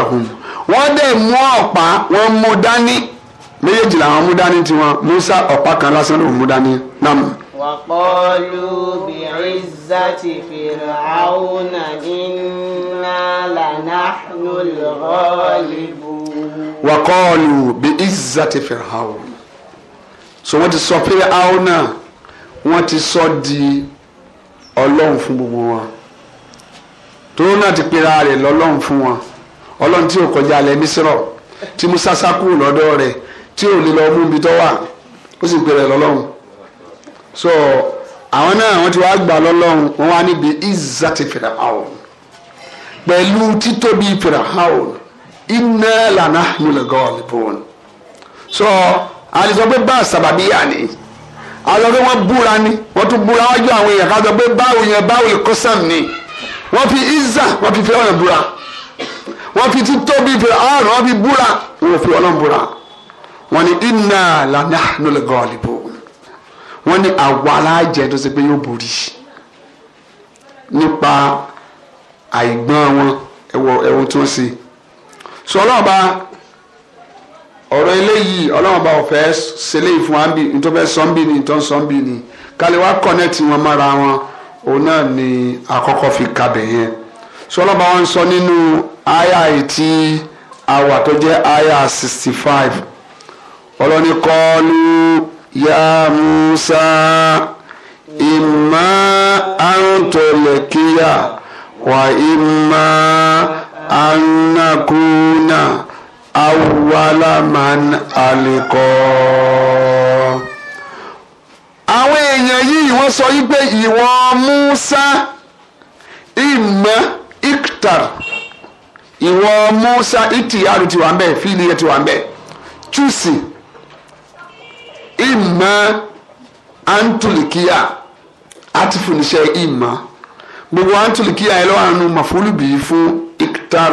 àhùn wọ́n dẹ̀ mú ọ̀pá wọn mú dání méjèèjì làwọn mú dání tiwọn Musa ọ̀pá kan lásán ló mú dání náà. وقالوا بعزة فرعون إنا لنحن الغالبون وقالوا بعزة فرعون so wọ́n ti sọ Fáráò náà wọ́n ọlọ́run fún gbogbo wọn tòun náà ti pera rẹ̀ lọ́lọ́run fún wọn ọlọ́run tí ò kọjá alẹ́ mísírọ̀ tí musa sá kúrò lọ́dọ̀ rẹ̀ tí ò lè lọ mú ibi tó ó sì pera lọ́lọ́run so àwọn náà wọ́n ti wá gbà lọ́lọ́run wọ́n wá níbi izati firahaun pẹ̀lú títóbi firahaun iná lànà múlẹ̀ gọ́ọ̀lì bọ́ọ̀lù so àlìsọ pé bá a sábàbí yà ni. So, àwọn ọ̀rẹ́ wọn búra ni wọ́n tún búra wájú àwọn èèyàn ká sọ pé báwo yẹn báwo ìkọ́sàn ni wọ́n fi ìzà wọ́n fi fẹ́ ọ̀nà búra wọ́n fi títóbi fẹ́ ọ̀nà wọ́n fi búra wọ́n fi ọ̀nà búra wọ́n ní iná lànà nílẹ̀ gọ́ọ̀lìbò wọ́n ní àwa alájẹ tó ṣe pé yóò borí nípa àìgbọ́n wọn ẹ̀wọ̀n tí wọ́n ṣe sọ ọlọ́ọ̀bá. ọ̀rọ̀ eléyìí ọlọ́run bá ọ̀fẹ́ sẹlẹ̀ ìfún wa bí nítorí fẹ́ sọ́n bí ni nítorí sọ́n bí ni kálí yẹn sọlọ́ bá wọn sọ nínú ètí àwà tó jẹ́ sixty ya Musa wà awalaman alikọ. àwọn èèyàn yìí wọ́n sọ yìí pé ìwọ Musa ìmọ̀ iktar ìwọ Musa ìtìyàrú ti wà ń bẹ̀ fíìlì yẹn ti wà ń ìmọ̀ antulikiya àti fúnisẹ́ ìmọ̀ gbogbo antulikiya yẹn lọ́wọ́ àánú màfúlù fún iktar.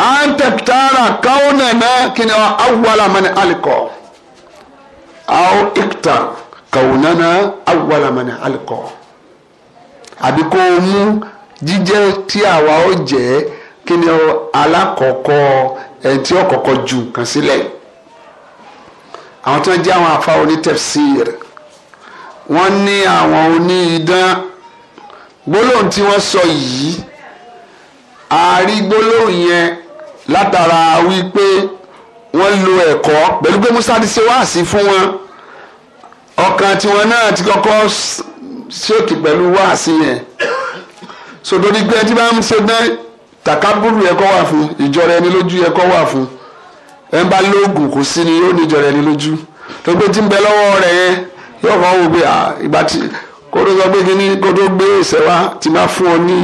an tẹkitara kaunana kini wa awala mani alikọ aw ikita kaunana awala mani alikọ àbí kò mú jíjẹ a àwa o je kini o alakọkọ ẹntì ọkọkọ ju nǹkan sílẹ̀ àwọn tó ń ni àwọn afa onítẹfsir wọ́n ní àwọn onídán gbólóhùn tí wọ́n sọ yi. ari gbólóhùn yẹn látara wípé wọ́n lo ẹ̀kọ́ pẹ̀lú pé musa ti ṣe wáàsí fún wọn ọkàn tiwọn náà ti kọ́kọ́ ṣèkì pẹ̀lú wáàsí yẹn sòdòdì pé ẹtí bá ń ṣe dán tàkàbùrù ẹ̀kọ́ wà fún ìjọra ẹni lójú ẹ̀kọ́ wà fún ẹ̀ ń bá lóògùn kò sí ni yóò ní ìjọra ẹni lójú tó gbé tí ń bẹ lọ́wọ́ rẹ̀ yẹn yóò kọ́ wò pé ìgbà tí kó tó sọ pé kí ni kó tó gbé ìṣẹ́ wá ti fún ọ ní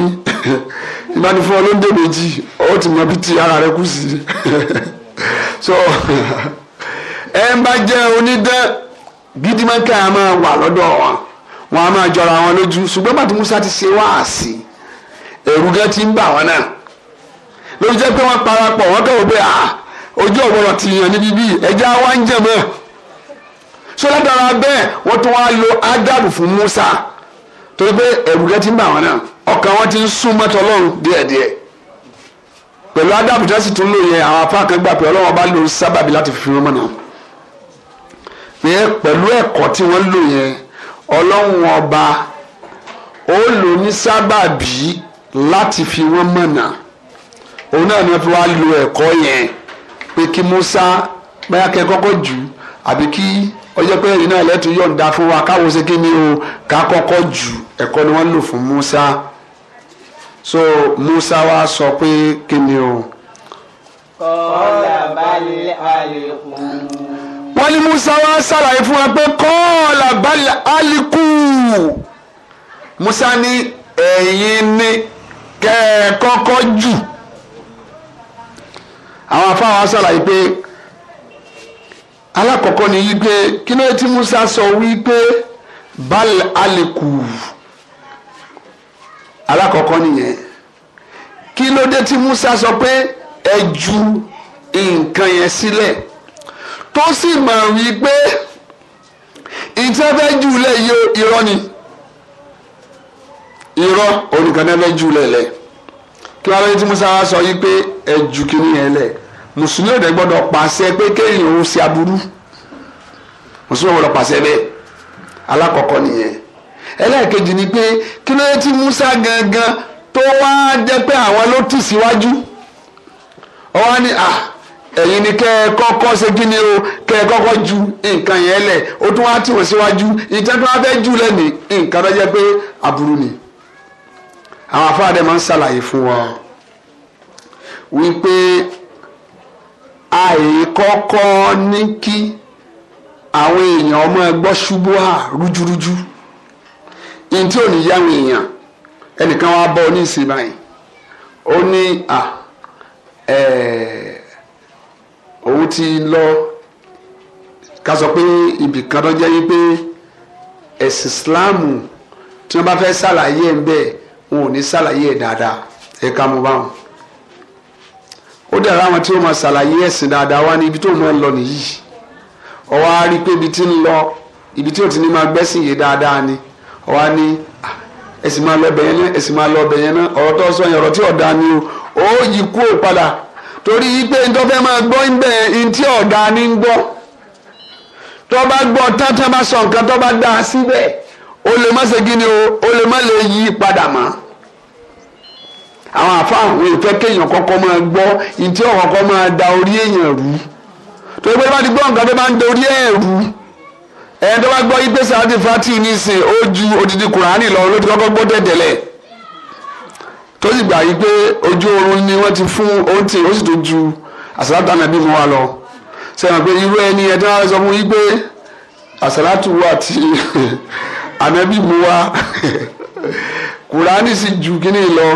ìbáni fún ọ méjì ti mọ so ẹ ń bá jẹ́ gidi wà lọ́dọ̀ wọn wọn a máa jọra wọn lójú ṣùgbọ́n bàtí Musa ti ṣe wáàsí sí gan ti ń bà wọn náà jẹ́ pé wọ́n parapọ̀ wọ́n kẹ́wọ́ pé ojú ti yàn níbi bíi ẹja ọkàn wọn ti ń sún mọ́tò ọlọ́run díẹ̀díẹ̀ pẹ̀lú ádámù tí wọ́n sì tún lò yẹn àwọn afá kan gbà pé ọlọ́run bá lò sábàbí láti fi wọn mọ̀nà yẹn pẹ̀lú ẹ̀kọ́ tí wọ́n lò yẹn ọlọ́run ọba ó lò ní sábàbí láti fi wọn mọ̀nà òun náà ni wọ́n fi wá lo ẹ̀kọ́ yẹn pé kí Musa báyà kẹ́ kọ́kọ́ jù àbí kí ọjọ́ pé ẹ̀rí náà lẹ́tọ̀ọ́ yọ̀ǹda fún wa káwọn ṣe kí ni o ká kọ́kọ́ jù ẹ̀kọ́ ni wọ́n lò fún Musa so Musa wa sọ pé kí ni o. kọ́lá balẹ̀ àlèkù. wọ́n ní Musa wa ṣàlàyé fún wa pé kọ́lá balẹ̀ àlèkù Musa ní ẹ̀yin ní kẹ́ ẹ kọ́kọ́ jù àwọn afáwọn ṣàlàyé pé alákọ̀ọ́kọ́ ni yí pé kí ló ti Musa sọ wí pé balẹ̀ àlèkù alákọ̀ọ́kọ́ nìyẹn kí ló dé tí Musa sọ pé ẹ ju nǹkan yẹn sílẹ̀ tó sì mọ̀ wípé ìtẹ́fẹ́ jùlẹ̀ irọ́ ni irọ́ oníkanẹ́fẹ́ jùlẹ̀ lẹ̀ kí wọ́n lọ sí tí Musa wá sọ yìí pé ẹ ju kíní yẹn lẹ̀ mùsùlùmí ò dẹ̀ gbọ́dọ̀ pàṣẹ pé kéèyàn ó ṣe aburú mùsùlùmí ò gbọ́dọ̀ pàṣẹ bẹ́ẹ̀ alákọ̀ọ́kọ́ nìyẹn ẹlẹ́ẹ̀kejì ni pé kí ló ti Musa gangan tó wá jẹ́ pé àwọn ló tì síwájú ọwọ́ ni à ẹ̀yin ni kẹ́ ẹ kọ́kọ́ ṣe kí ni o kẹ́ ẹ kọ́kọ́ ju nǹkan yẹn lẹ̀ ó tún wá tì wọ́n síwájú ìtẹ́tù wọn fẹ́ jù lẹ́nu nǹkan tó jẹ́ pé aburú ni àwọn afáàdé máa ń ṣàlàyé fún wa wípé àìkọ́kọ́ ní kí àwọn èèyàn ọmọ ẹgbọ́ ṣubú hà rújúrújú. Ruju ntí ò ní yá àwọn èèyàn ẹnìkan wá bọ́ ní ìsìn báyìí ó ní à òun ti lọ ká sọ pé ibì kan tó jẹ́ wípé ẹ̀sìn Ìsìláàmù tí wọ́n bá fẹ́ ṣàlàyé ẹ̀ ń bẹ́ẹ̀ wọn ò ní ṣàlàyé ẹ̀ dáadáa ẹ̀ ká mo bá wọn ó dẹ̀ láwọn tí ó máa ṣàlàyé ẹ̀sìn dáadáa wá ní ibi tó máa ń lọ nìyí ọwọ́ á rí i pé ibi tí ń lọ ibi tí ò ti ní máa gbẹ́sìn yé dáadáa ni ọwọ́ á ní ah, ẹ̀sìn máa lọ bẹ̀yẹn náà ẹ̀sìn máa lọ bẹ̀yẹn náà ọ̀rọ̀ tó sọ yẹn ọ̀rọ̀ tí ọ̀dà ni o ó yí kú ò padà torí pé n tó fẹ́ máa gbọ́ ń bẹ̀ ń tí ọ̀dà ni ń gbọ́ tó bá gbọ́ tán tán bá sọ nǹkan tó bá dá a síbẹ̀ o lè má ṣe gíní o o lè má lè yí padà mọ́ àwọn àfáà wọn ò kéèyàn kọ́kọ́ máa gbọ́ ní ọ̀kọ́kọ́ máa da orí èèyàn rú torí pé bá ti gbọ́ nǹkan tó bá ń da orí ẹ̀ rú ẹni tó bá gbọ́ yí pé sàrátì fati ní sìn ó ju odidi kùránì lọ ló ti kọ́kọ́ gbọ́ tẹ̀tẹ̀lẹ̀ tó sì gbà yí pé ojú oorun ni wọ́n ti fún oúnjẹ ó sì tó ju àsàlátù ànábì mọ́ wa lọ sẹ́wọ̀n pé irú ẹni ẹ̀ tí wọ́n sọ fún yí pé àsàlátù wà tí [laughs] ànábì mọ́ wa [laughs] kùránì sì ju kíní lọ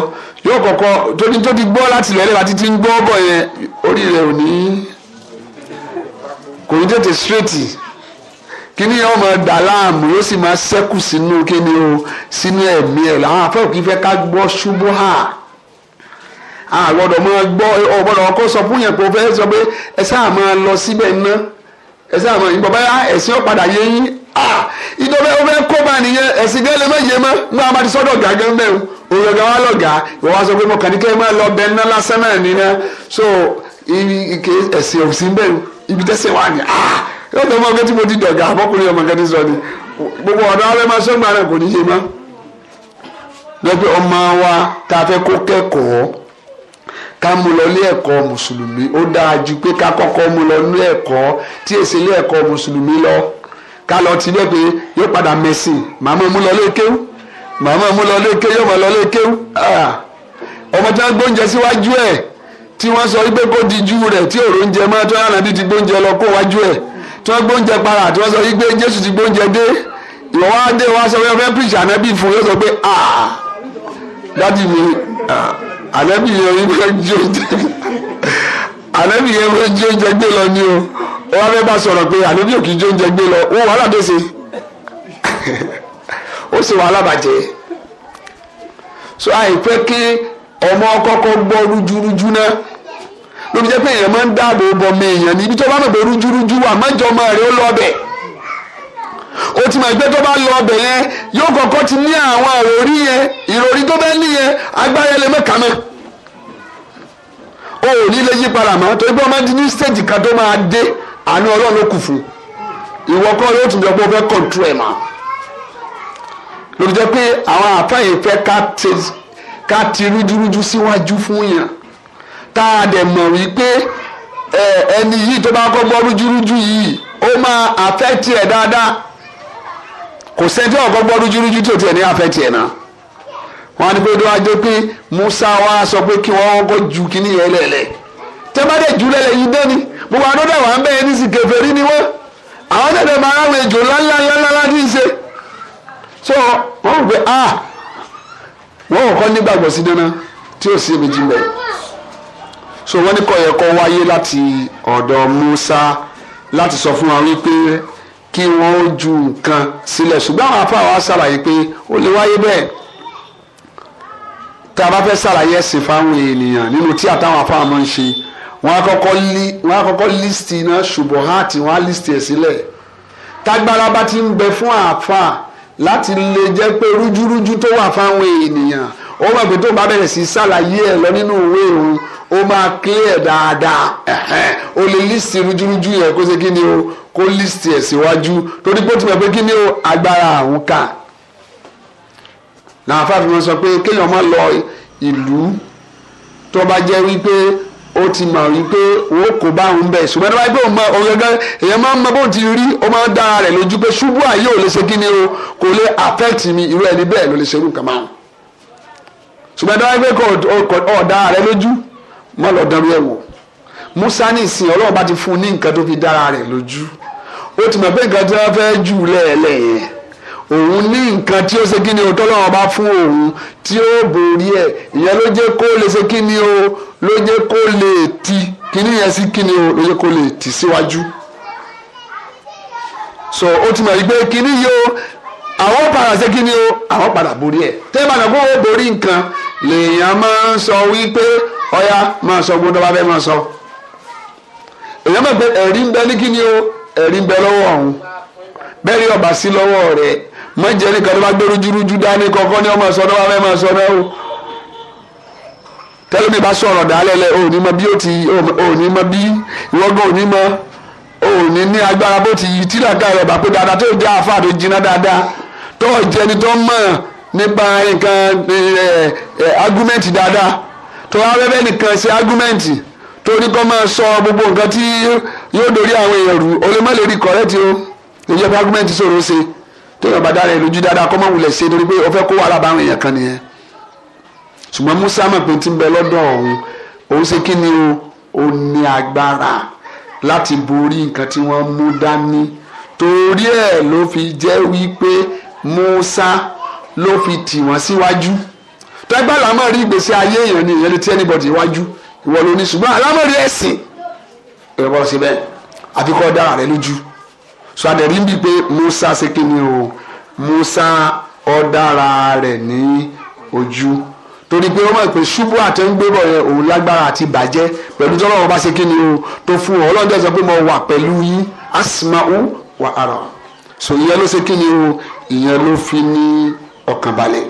yóò kọ́kọ́ tóbi tó ti gbọ́ láti lọ́lẹ́ àti ti ń gbọ́ bọ̀ yẹn orí rẹ̀ ò ní kò ní tètè straight kíní yẹn wọ́n máa dà láàmú yóò sì máa ṣẹ́kù sínú kíní o sínú ẹ̀mí ẹ̀ làwọn afẹ́kù kí fẹ́ ká gbọ́ ṣubú hà àgbọ̀dọ̀ máa gbọ́ ọ̀gbọ́dọ̀ ọkọ sọ fún yẹn kó fẹ́ sọ pé ẹ sáà máa lọ síbẹ̀ ná ẹ sáà máa yìnbọn báyà ah, ẹ̀sìn ọ̀padà yé yín ah, ìdọ́fẹ́ ó fẹ́ kó bá nìyẹn ẹ̀sìn gẹ́lẹ́ má yé mọ́ nígbà máa ti sọ́dọ̀ gàgán bẹ́ẹ̀ òun ọ̀gá wa lọ̀gá ìwọ wa sọ pé mo kàn ní kẹ́ lọ bẹ́ẹ̀ ná lásán náà nínú so ẹ̀sìn òsínbẹ́ẹ̀ ibi tẹ́sẹ̀ wà ní ah, yóò tó mọ ọgẹ tí mo ti dọ̀gà àbọ̀kùnrin ọmọ kẹ́tí sọ ni gbogbo ọ̀dọ́ alẹ́ máa sọ́gbà náà kò ní yé mọ́ lọ́pẹ́ ọmọ wa tá a fẹ́ kó kẹ́kọ̀ọ́ ká mú lọ ní ẹ̀kọ́ mùsùlùmí ó dáa ju pé ká kọ́kọ́ mú lọ ní ẹ̀kọ́ tí èsì ní ẹ̀kọ́ mùsùlùmí lọ ká lọ ti dẹ́ pé yóò padà mẹ́sìn màmá mú lọ lékéwú màmá mú lọ lékéwú yóò mọ̀ lọ lékéwú ah! ọmọ tí wọ́n gbóúnjẹ síwájú ẹ̀ tí wọ́n sọ wípé kó di jú rẹ̀ tí òrò ń jẹ mọ́ tí wọ́n rà ti gbóúnjẹ lọ kó wájú ẹ̀ tí wọ́n gbóúnjẹ para tí wọ́n sọ yí pé Jésù ti gbóúnjẹ dé ìwọ wá dé wá sọ pé ọfẹ́ píríṣì ànábì fún yóò sọ pé ah dádì mi ànábì yẹn rí pé jí oúnjẹ ànábì yẹn rí jí oúnjẹ gbé lọ ni o wọ́n fẹ́ bá sọ̀rọ̀ pé ànábì ò kì í jí oúnjẹ gbé lọ wọ́n wàhálà tó ṣe [laughs] ó sì wàhálà bàjẹ́ so àìpẹ́ kí ọmọ kọ́kọ́ gbọ́ rújúrújú náà. ló fi jẹ́ pé èèyàn máa ń dáàbò bọ̀ mọ èèyàn níbi tó bá mọ̀ pé rújúrújú wà mọ́jọ ọmọ rẹ̀ ó lọ́ọ̀bẹ̀ o ti mọ̀ ẹgbẹ́ tó bá lọ yẹn yóò kọ̀kọ́ ti ní àwọn àròrí yẹn ìròrí tó bẹ́ẹ̀ níyẹn agbára ẹlẹ́mọ kàmẹ́ o ò ní lè yí padà mọ́ torí pé ọmọ ní kan tó máa dé àánú ọlọ́run ló kù fún ìwọ kọ́ tún jọ pé fẹ́ tá a dẹ̀ mọ̀ wípé ẹni yìí tó bá kọ́ gbọ́ rújúrújú yìí ó máa afẹ́tì ẹ̀ dáadáa kò sẹ́ńtì ọ̀kọ́ gbọ́ rújúrújú tó tiẹ̀ ní àfẹ́tì ẹ̀ náà wọn á ní pé wọ́n á pé Musa wa sọ pé kí wọ́n kọ ju kíní yẹn lẹ̀lẹ̀ tẹ́ bá dẹ̀ ju lẹ̀lẹ̀ yìí dẹ́ni gbogbo àwọn ọ̀dọ́ ń bẹ́ẹ̀ ní sì ni wọ́n àwọn tẹ̀lé máa ráwọn èjò ńláńláńláńlá ní í ṣe so wọ́n rò pé ah wọ́n kọ́ nígbàgbọ́ sí dáná tí ò sí èmi jí bẹ́ẹ̀. so wọ́n ní kọ́ yẹ kó wáyé láti ọ̀dọ̀ Musa láti sọ fún wa wípé kí wọ́n ó ju nǹkan sílẹ̀ ṣùgbọ́n àwọn afọ àwọn ṣàlàyé pé ó lè wáyé bẹ́ẹ̀ tá a bá fẹ́ ṣàlàyé ẹ̀sìn fáwọn ènìyàn nínú tí àtàwọn afọ àmọ́ ń ṣe wọ́n á kọ́kọ́ líìsì náà ṣùgbọ́n hàtì wọ́n á líìsì ẹ̀ sílẹ̀ tágbára bá ti ń bẹ fún àáfà láti lè jẹ́ pé rújúrújú tó wà fáwọn ènìyàn ó wà pé tó bá bẹ̀rẹ̀ sí ṣàlàyé ẹ̀ lọ nínú òwe òun ó máa clear dáadáa o lè list rújúrújú yẹn kó ṣe kí ni o kó list ẹ̀ síwájú torí pé ó ti mọ̀ pé kí ni o agbára àwọn kà làwọn afáfihàn sọ pé kéèyàn máa lọ ìlú tó bá jẹ́ wípé ó ti mọ̀ wípé wò ó kó bá òun bẹ̀ ṣùgbọ́n tó bá gbé òun mọ èèyàn máa ń mọ bóun ti rí ó máa ń dára rẹ̀ lójú pé ṣubú àyè ò lè ṣe kí ni o kò lè affect mi irú ẹni bẹ́ẹ̀ ló lè ṣerú nǹkan ṣùgbọ́n tó bá gbé ọ̀dà rẹ̀ lójú má lọ dánrú ẹ̀ wò Musa ní ìsìn Ọlọ́run bá ti fún un ní nǹkan tó fi dára rẹ̀ lójú ó ti mọ̀ pé nǹkan tí wọ́n fẹ́ jù lẹ́ẹ̀lẹ́ yẹn òun ní nǹkan tí ó ṣe kí ni o tọ́lọ́run bá fún òun tí ó borí ẹ̀ ìyẹn ló jẹ́ kó lè ṣe kí ni o ló jẹ́ kó lè ti kí ni yẹn sí kí ni o ló jẹ́ kó lè ti síwájú. so ó ti mọ̀ ìgbé kí ni yóò àwọn padà ṣe kí ni o àwọn padà borí ẹ̀ tẹ́ ìbàdàn kó o borí nǹkan lèèyàn máa ń sọ wípé ọya máa sọ gbọ́dọ̀ bá fẹ́ máa sọ. èèyàn mọ̀ pé ń bẹ ní kíni o ẹ̀rí ń bẹ lọ́wọ́ ọ̀hún bẹ́ẹ̀ rí ọ̀bà sí lọ́wọ́ rẹ̀ mọ̀jẹ̀ tó bá dání ní ọmọ sọ sọ náà o. bá lẹ òní bí ti òní bí òní òní ní agbára bó ti yí bá pé dáadáa tó tó jiná dáadáa tó jẹni tó nípa nǹkan dáadáa tó wá bẹ́ẹ̀ nìkan ṣe ágúmẹ́ǹtì tó ní kó máa sọ gbogbo nǹkan tí yóò dorí àwọn èèyàn rú o lè má lè rí kọ̀rẹ́tì o èyí ọ̀fẹ́ ágúmẹ́ǹtì sọ̀rọ̀ ṣe téèyàn bá dára ẹ̀ lójú dáadáa kó má wulẹ̀ ṣe torí pé ó fẹ́ kó wàhálà bá àwọn èèyàn kan nìyẹn ṣùgbọ́n Musa mọ̀ pé ti ń bẹ lọ́dọ̀ òun òun ṣe kí ni o ó ní agbára láti borí nǹkan tí wọ́n mú dání torí ẹ̀ ló fi jẹ́ wípé Musa ló fi tì wọ́n síwájú. Si tẹ́gbà lámọ̀rí ìgbésí ayé èèyàn ni ìyẹn ti anybody iwájú ìwọ ló ní ṣùgbọ́n alámọ̀rí ẹ̀sìn ìrọ̀bọ̀ sí bẹ́ẹ̀ àfikọ́ dára rẹ lójú sọ àdẹ̀rí ń bí pé Musa ṣe kí o Musa ọ dára rẹ̀ ní ojú torí pé ó mọ̀ pé ṣubú àtẹ̀ǹgbèrò yẹn òun lágbára àti bàjẹ́ pẹ̀lú tọ́lọ́ ọba ṣe kí o tó fún ọ ọlọ́dẹ sọ pé mo wà pẹ̀lú yín asma'u wa ara so ìyẹn ló ṣe kí ni o ìyẹn ló fi ní ọkàn balẹ̀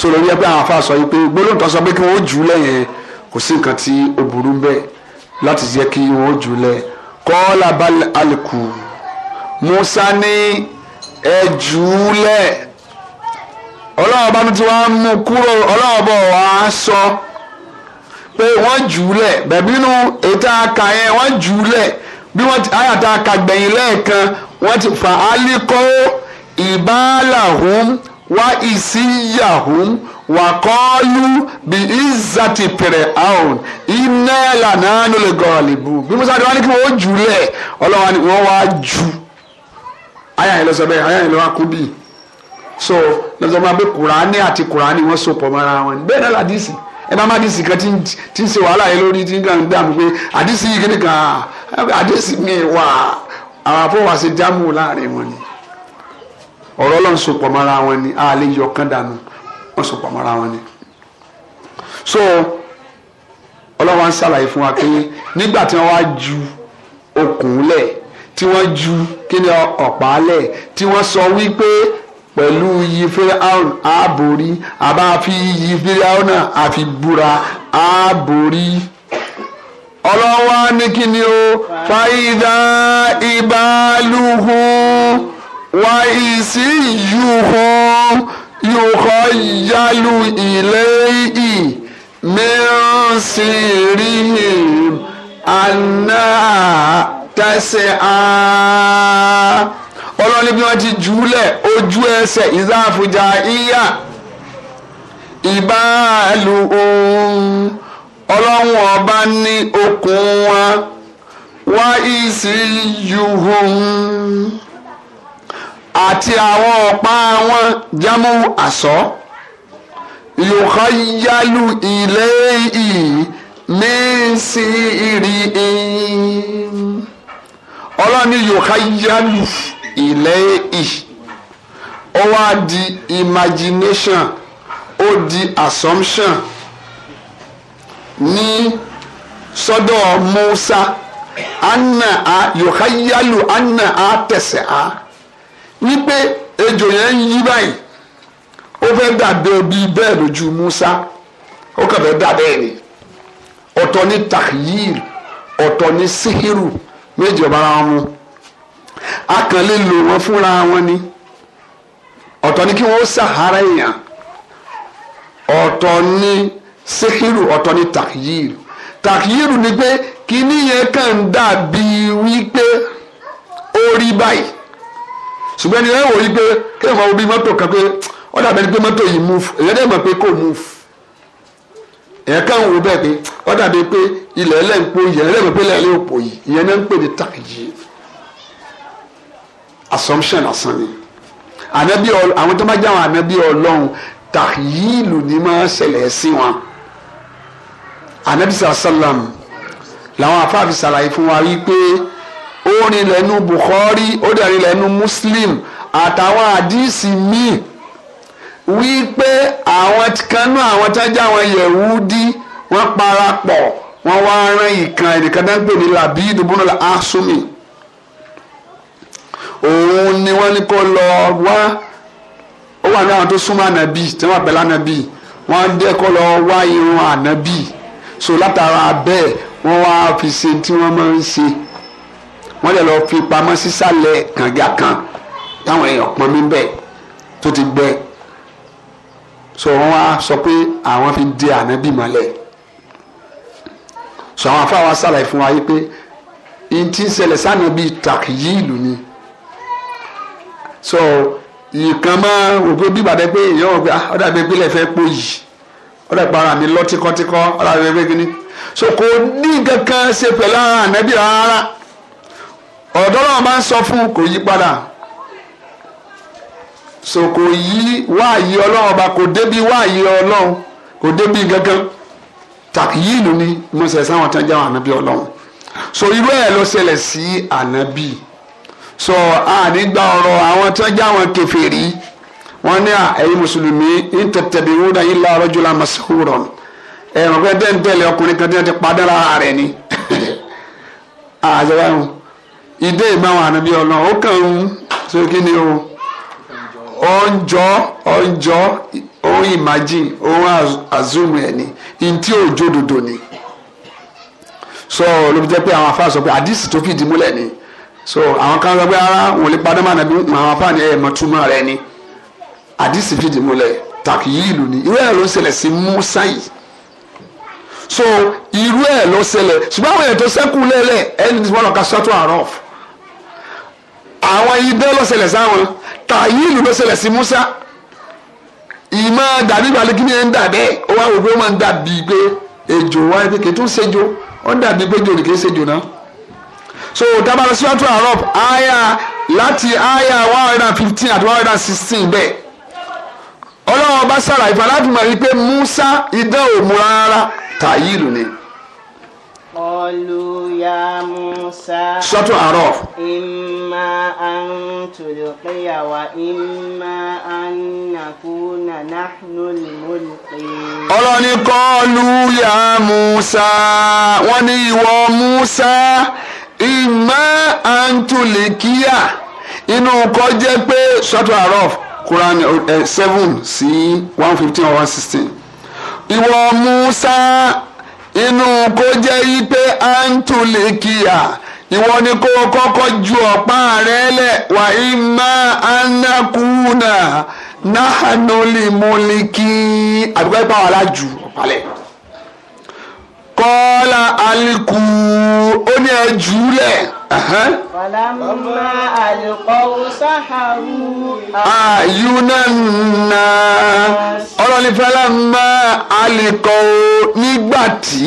so lórí ẹgbẹ́ àwọn afa sọ yìí pé gbólóhùn tó sọ pé kí wọ́n jù ú lẹ́yìn kò sí nǹkan tí ó burú bẹ́ẹ̀ láti jẹ́ kí wọ́n jù ú lẹ̀ kọ́ọ́lá balẹ̀ alìkù Musa ní ẹ jù ú lẹ̀ ọlọ́wọ́ bá ti wá mú kúrò ọlọ́wọ́ bọ̀ wá sọ pé wọ́n jù ú lẹ̀ bẹ̀bí nínú ètò àkà yẹn wọ́n jù ú lẹ̀ bí wọ́n ti àyàtà àkàgbẹ̀yìn lẹ́ẹ̀kan wọ́n ti fà á ìbálàhùn Wa ìsíyàhùn wàkọ́ọ́lù bí ìzàtì pẹ̀rẹ̀ àrùn iná lànà ló lè gọ̀ọ́ lìbù bí musa adé wá ní kí wọ́n jù lẹ̀ ọlọ́wà ni wọ́n wá jù ayé àyè lọ́sọ̀ bẹ́ẹ̀ ayé àyè lọ́wọ́ kú so lọ́sọ̀ máa bẹ kùránì àti kùránì wọ́n so pọ̀ mọ́ra wọn bẹ́ẹ̀ náà làdísì ẹ bá má dísì kan tí ń ṣe wàhálà yẹn lórí tí ń gbà ń pé àdísì yìí kí kan àdísì mi wà àwọn àfọwọ́sẹ̀ jámù láàrin wọn ni ọ̀rọ̀ ọlọ́run so pọ̀ mọ́ra wọn ni a lè yọ kán dànù wọ́n so pọ̀ mọ́ra wọn ni. so ọlọ́run wa ń ṣàlàyé fún wa pé nígbà tí wọ́n wá ju okùn lẹ̀ tí wọ́n ju kíni ọ̀pá lẹ̀ tí wọ́n sọ wípé pẹ̀lú yí fíráhùn àbórí àbá fi yí fíráhùn àfi búra àbórí ọlọ́wọ́ ní kíni o fàyídà ìbálùhùn. وإسيه يخيل إليه من سيرهم أنها تسعى ọlọ́ni bí wọ́n ti jùúlẹ̀ ojú ẹsẹ̀ ìzáàfùjà ìyá ìbáàlù ohun ọlọ́run ọba ní okùn wọn wá ìsì àti àwọn ọ̀pá wọn jámú àsọ yòókà yálù ilé yìí ní sí ìrì ọlọ́ni yòókà yálù ilé yìí ó wá di imagination ó di assumption ní sọ́dọ̀ Musa anna a yòókà yálù anna a tẹ̀sẹ̀ a wípé ejò yẹn ń yí báyìí ó fẹ́ dàbẹ́ bíi bẹ́ẹ̀ lójú Musa ó kàn fẹ́ dàbẹ́ ni ọ̀tọ̀ ní tahyir ọ̀tọ̀ ní sihiru méjì ọba ara wọn mu a kàn lè lò wọn fúnra wọn ni ọ̀tọ̀ ní kí wọ́n sàhárà èèyàn ọ̀tọ̀ ní sihiru ọ̀tọ̀ ní tahyir tahyir ni pé kíní yẹn kàn dàbí wípé ó rí báyìí ṣùgbọ́n ẹni ẹ wò yí pé kéèyàn máa wo bí mọ́tò kan pé ó dàbẹ́ ni pé mọ́tò yìí move èyàn dẹ̀ mọ̀ pé kò move èyàn kàn wò bẹ́ẹ̀ pé ó dàbẹ́ pé ilẹ̀ ẹlẹ́ǹpo yìí ẹ̀rẹ́ mọ̀ pé ilẹ̀ ẹlẹ́ǹpo yìí ìyẹn náà ń pè ní tàkìjì assumption asán ni ànábì àwọn tó máa jẹ́ àwọn ànábì ọlọ́run tàyíìlù ni máa ṣẹlẹ̀ sí wọn ànábì sàlám làwọn afáàfin ṣàlàyé fún wa wípé ó rìn lẹ́nu Bukhari ó dẹ̀ rìn Muslim àtàwọn àdìsí míì wípé àwọn kanú àwọn tájà àwọn Yẹ̀wúdí wọ́n parapọ̀ wọ́n wá rán ìkan ẹnìkan náà pè ní Labid ibn asumi òun ni wọ́n ní kó lọ wá ó wà ní àwọn tó súnmọ́ ànábì tí wọ́n pẹ̀lú ànábì wọ́n dẹ́ kó lọ wá irun ànábì so látara bẹ́ẹ̀ wọ́n wá fi ṣe tí wọ́n máa ń ṣe wọ́n lè lọ fi pamọ́ sísàlẹ̀ kànga kan táwọn èèyàn pọn mi bẹ́ẹ̀ tó ti gbẹ so wọ́n wá sọ pé àwọn fi de ànábì mọ́lẹ̀ so àwọn afáwa sàlàyé fún wa yìí pé n ti ṣẹlẹ̀ sànàbì tàkì yí ìlú ni so nǹkan máa wò pé bí ìbàdàn pé èèyàn wò pé ọ̀dà ah, ìgbẹ́gbẹ́lẹ̀ fẹ́ pò yìí ọ̀dà ìpara mi lọ́ tíkọ́tíkọ́ ọ̀dà ìgbẹ́gbẹ́ gíní so kò ní nǹkan kan ṣe pẹ̀lú ànábì rárá ọ̀dọ́ náà máa ń sọ fún kò yí padà so kò yí wáàyí ọlọ́run ọba kò débi wáàyí ọlọ́run kò débi gangan tàkìyìnù ni mo sẹ̀ sáwọn tán jáwọn ànábì ọlọ́run so irú ẹ̀ ló ṣẹlẹ̀ sí ànábì so ànígbà ọ̀rọ̀ àwọn tán jáwọn kèfèrí wọn ní ẹ̀yin mùsùlùmí ń tẹ̀tẹ̀bí wúdà yín láàárọ̀ jùlọ àmàṣẹ́wòrán ẹ̀rọ pé dẹ́ntẹ́lẹ̀ ọkùnrin kan tí wọ́n ti padà lára rẹ̀ ni àzẹ́wáyún. [laughs] ìdé ìbáwọn ànábì ọlọ́run ó kàn ń so kí ni o ọ̀njọ́ ọ̀njọ́ òun imagine òun assume ẹ̀ ni ntí òjò dodo ni so ló fi jẹ́ pé àwọn afáà sọ pé àdìsí tó fìdí múlẹ̀ ni so àwọn kan sọ pé ara wọn lè padà máa nàbí àwọn afáà ni ẹ̀ mọ̀ túmọ̀ rẹ ni àdìsí fìdí múlẹ̀ tàkì yìí ìlú ni irú ẹ̀ ló ń ṣẹlẹ̀ sí Musa yìí so irú ẹ̀ ló ṣẹlẹ̀ ṣùgbọ́n àwọn èèyàn tó ṣẹ́kù lẹ́lẹ̀ ẹni tí wọ́n lọ ka ṣọ́tò àrọ́ọ̀fù àwọn idán ló ṣẹlẹ̀ sáwọn tàyíìlù ló ṣẹlẹ̀ sí Musa ìmọ̀ dàbí balẹ̀ kí ni ẹ̀ ó wá wò pé ó máa ń dàbí pé ejò wá ibi kì í tún ṣèjò ó ń dàbí pé ejò kì í ṣèjò náà so tábàlọ́ síwájú àrọ́b àyà láti àyà one hundred and fifteen àti one hundred and sixteen bẹ́ẹ̀ ọlọ́run ọba sára ìfàlàfíà wípé Musa idán ò mú rárá tàyíìlù ni. قالوا يا موسى شطر أعراف إما أن تلقي وإما أن نكون نحن الملقين ọlọ́ni قالوا يا موسى wọ́n ní ìwọ Musa إما أن تلقي inú kọ́ jẹ́ pé ṣọ́tò àrọ́f Quran eh, seven sí one fifteen or one sixteen ìwọ Musa inú kó jẹ́ yí pé à ń tulè kíyà ìwọ ni kó kọ́kọ́ ju ọ̀pá rẹ lẹ̀ wà í má anákùnà náhánólì mólíkì àbíkọ́ ipá wàhálà ju ọ̀pá kọ́lá alikú ó ní ẹ jù ú lẹ̀. فلما ألقوا سحروا أعين الناس ọlọ́ni fẹ́lẹ́mà àlìkọ́ nígbà tí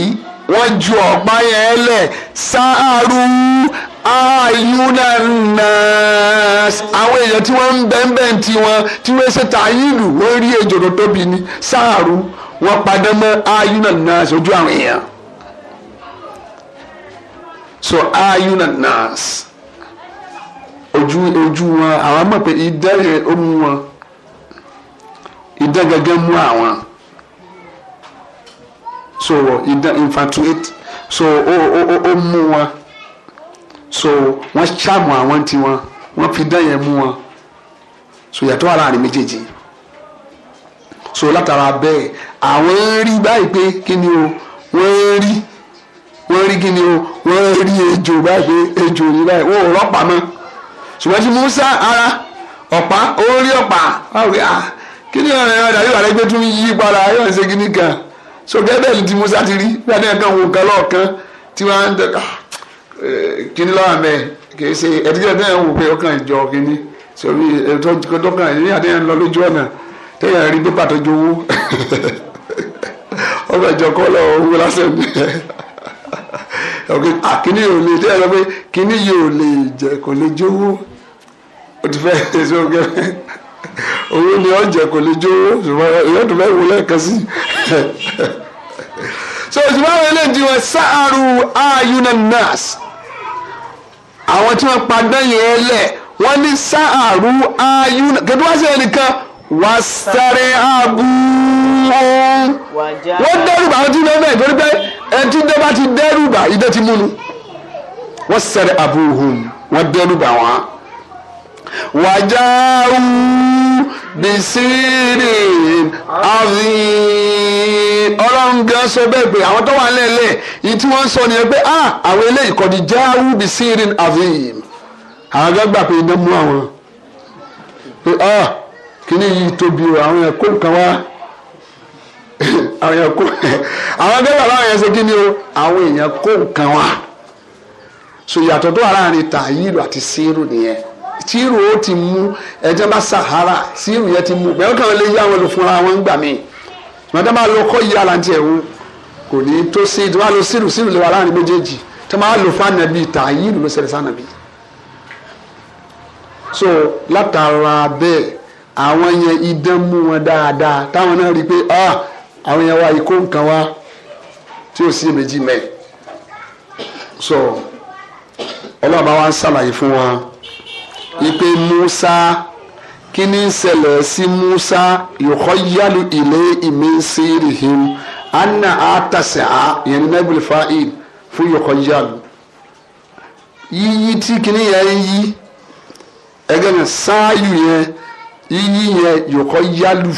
wọ́n ju ọ̀pá yẹn lẹ̀ sáárù ayunanas àwọn èèyàn tí wọ́n ń bẹ́ńbẹ́ń tí wọ́n tí wọ́n ṣe tàyínlù wọ́n rí ejò tóbi ní sáárù wọ́n padà mọ́ ayunanas ojú àwọn èèyàn so ayuna nas ojú ojú wọn àwọn mọ̀ pé idán yẹn ó mú wọn idán gẹ́gẹ́ mú àwọn so idán infatuate so ó ó ó mú wọn so wọ́n ṣàmù àwọn tiwọn wọ́n fi idán yẹn mú wọn so yàtọ̀ wà láàrin méjèèjì so látara bẹ́ẹ̀ àwọn ń rí báyìí pé kí ni o wọ́n ń rí wọ́n rí kíni o wọ́n rí ejò báyìí pé ejò ní báyìí wọ́n ò rọ́pà mọ́ ṣùgbọ́n tí Musa ara ọ̀pá ó rí ọ̀pá báwo à kíni ọ̀rẹ́ ọ̀dà yóò rẹ̀ gbé tún yí padà yóò ṣe kíni kan so gẹ́gẹ́ ni ti Musa ti rí bí adé kan wò kan lọ́ọ̀kan tí wọ́n á ń tẹ̀ka eh, kíni lọ́wọ́ mẹ́ kìí ṣe ẹ̀dígbẹ́ náà wò pé ọkàn ìjọ kíni sọ̀rọ̀ ẹ̀dọ́kàn ìní adé ń lọ lójú ọ̀nà tẹ́yà rí pépà tó jowó [laughs] ọkàn ìjọ kọ́ lọ́wọ́ owó lásán [laughs] àkíní yóò lè tẹ́lẹ̀ pé kíní yóò lè jẹ kò lè jówó o ti fẹ́ èso gẹ́gẹ́ owó ni ọ̀jẹ̀ kò lè jówó ṣùgbọ́n ìyá tó fẹ́ wò lẹ́ẹ̀kan sí so ṣùgbọ́n àwọn eléjì wọn sáàrù ayuna nas àwọn tí wọ́n padà yẹn lẹ̀ wọ́n ní sáàrù ayuna kẹ́tù wá sí ẹnìkan wà sáré abúlé wọ́n dẹ́rù bá wọn tí wọ́n bẹ̀ torí pé ẹtí dé bá ti dẹ́rù bá idẹ ti múnu wọ́n sẹ̀rẹ̀ àbúhùn wọ́n dẹ́rù bá wọn. wàjà wù bìsírì àfi ọlọ́run gan sọ bẹ́ẹ̀ pé àwọn tó wà lẹ́lẹ̀ yìí tí wọ́n sọ nìyẹn pé àwọn eléyìí kọ́ di jáwù bìsírì àfi àwọn gbàgbà pé iná mú àwọn pé kí ni yìí tóbi o àwọn ẹ̀kọ́ kan wá àwọn èèyàn kó àwọn dẹ́gbà báwọn yẹn ṣe kí ni o àwọn èèyàn kó nǹkan wá so ìyàtọ̀ tó wà láàrin tààyírù àti sírù nìyẹn sírù ó ti mú ẹjẹ bá sahara sírù yẹn ti mú bẹ́ẹ̀ kàn lè yá wọn lò fúnra wọn gbà mí mọ̀tẹ́ máa lọ kọ́ yí aláǹtí ẹ̀wọ̀n kò ní tó sí tí wọ́n á lọ sírù sírù lè wà láàrin méjèèjì tí wọ́n lò fún ànàbí tààyírù ló ṣẹlẹ̀ sànàbí so látara bẹ́ẹ̀ àwọn yẹn idán mú wọn dáadáa táwọn náà rí i pé ah àwọn èèyàn wa ikó nǹkan wa tí ò sí èméjì mẹ́ so ọlọ́run bá wa ń ṣàlàyé fún wa ipe Musa kí ni ṣẹlẹ̀ sí Musa yòókọ́yálù ilé ìmísírìhìm anna àtàṣà yẹn ní nẹ́bùlì fáìl fún yòókọ́yálù yíyí tí kìnìún yẹn ń yí ẹgbẹ́ mi sááyù yẹn yíyí yẹn yòókọ́yálù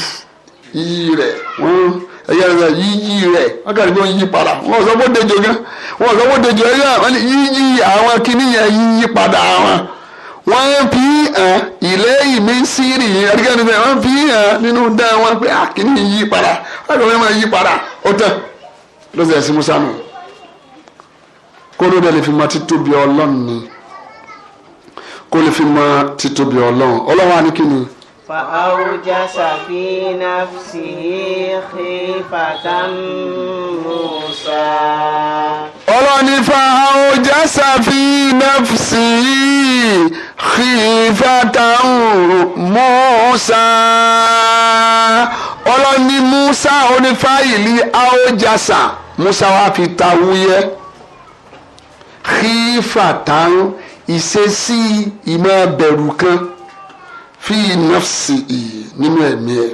yíyí rẹ̀ wọ́n. Hmm? ẹyẹ rẹ yíyí rẹ wọn kàn ní wọn yí padà wọn sọ fún dejo gan wọn sọ fún dejo ẹyẹ wọn ni yíyí àwọn kìíní yẹn yíyí padà wọn wọn fi hàn ilé ìmí sírì yẹn ẹdíkẹ́ni bẹ́ẹ̀ wọn fi hàn nínú dá wọn pé àkíní yí padà wọn kàn máa yí padà ó tán ló sì musa nù kó ló lè fi máa títóbi ọlọ́run ni kó lè fi máa títóbi ọlọ́run ọlọ́run á فأوجس في نفسه خيفة موسى ọlọ́ni فأوجس في نفسه خيفة موسى ọlọ́ni Musa onífáìlì aójàsà Musa wàá fi ta wúyẹ́ khifatan ìṣesí ìmọ̀ bẹ̀rù kan fi nọ́ọ̀sì yìí nínú ẹ̀mí ẹ̀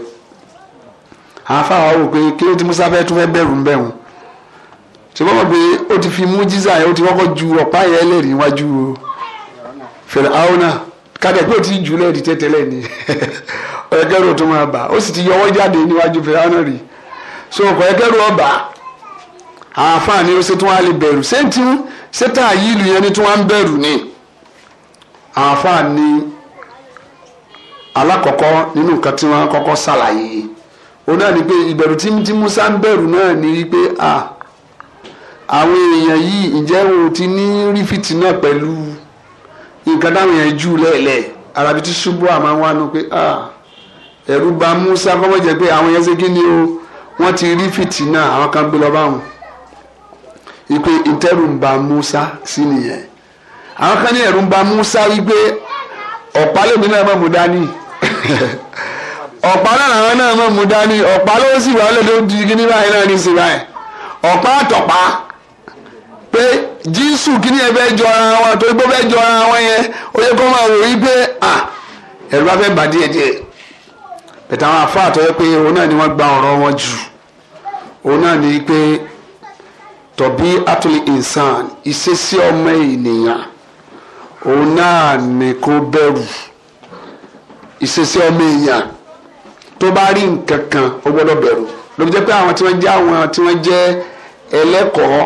àáfà wa wò pé kí ló ti Musa fẹ́ tún fẹ́ bẹ̀rù ń bẹ̀rù ṣe kọ́kọ́ pé ó ti fi mújísà yẹn ó ti kọ́kọ́ ju ọ̀pá yẹn lẹ́rìí wájú fèrè áwọnà kàdé pé ó ti jù lẹ́rìí tẹ́tẹ́lẹ̀ ni [laughs] ọ̀yẹ́kẹ́rù tó máa bà ó sì ti yọwọ́ jáde níwájú fèrè áwọnà rí so ọ̀yẹ́kẹ́rù ọ̀bà àáfà ni ó ṣe tún wá lè bẹ̀rù ṣé tí ṣé tá àyílù yẹn ni tún wá ń bẹ̀rù ni àáfà ni alákọ̀ọ́kọ́ nínú nǹkan tí wọ́n kọ́kọ́ ṣàlàyé ó náà ni pé ìbẹ̀rù tí tí Musa ń bẹ̀rù náà ni wípé à àwọn èèyàn yìí ǹjẹ́ wo ti ní rí fìtínà pẹ̀lú nǹkan táwọn èèyàn jù lẹ́ẹ̀lẹ́ arabi ti ṣubú àmọ́ wà nù pé à ẹ̀rù bà Musa kọ́mọ́ jẹ́ pé àwọn èèyàn ṣe kí ni o wọ́n ti rí fìtínà àwọn kan gbé lọ báwọn ìpè ìtẹ́rù ń bà Musa sí nìyẹn àwọn kan ní ẹ̀rù ń bà Musa wípé ọ̀pá lèmi náà má mú dání ọ̀pá náà làwọn náà mọ̀ mú dání ọ̀pá ló sì wà lọ́dọ̀ di kíní báyìí náà ní sí báyìí ọ̀pá àtọ̀pá pé Jésù kíní ẹ jọ ara wọn àti ogbó fẹ́ wọn yẹn ó yẹ kó máa wò yí pé à ẹ̀rù bá afọ àtọ́yẹ pé òun náà ni wọ́n gba ọ̀rọ̀ wọn jù òun náà ni pé tọ̀bí ìsàn ìṣesí ọmọ ènìyàn òun náà ni bẹ̀rù. ìṣesí ọmọ èèyàn tó bá rí nǹkan kan ó gbọ́dọ̀ bẹ̀rù lóbi jẹ́ pé àwọn tí wọ́n jẹ́ àwọn tí wọ́n jẹ́ ẹlẹ́kọ̀ọ́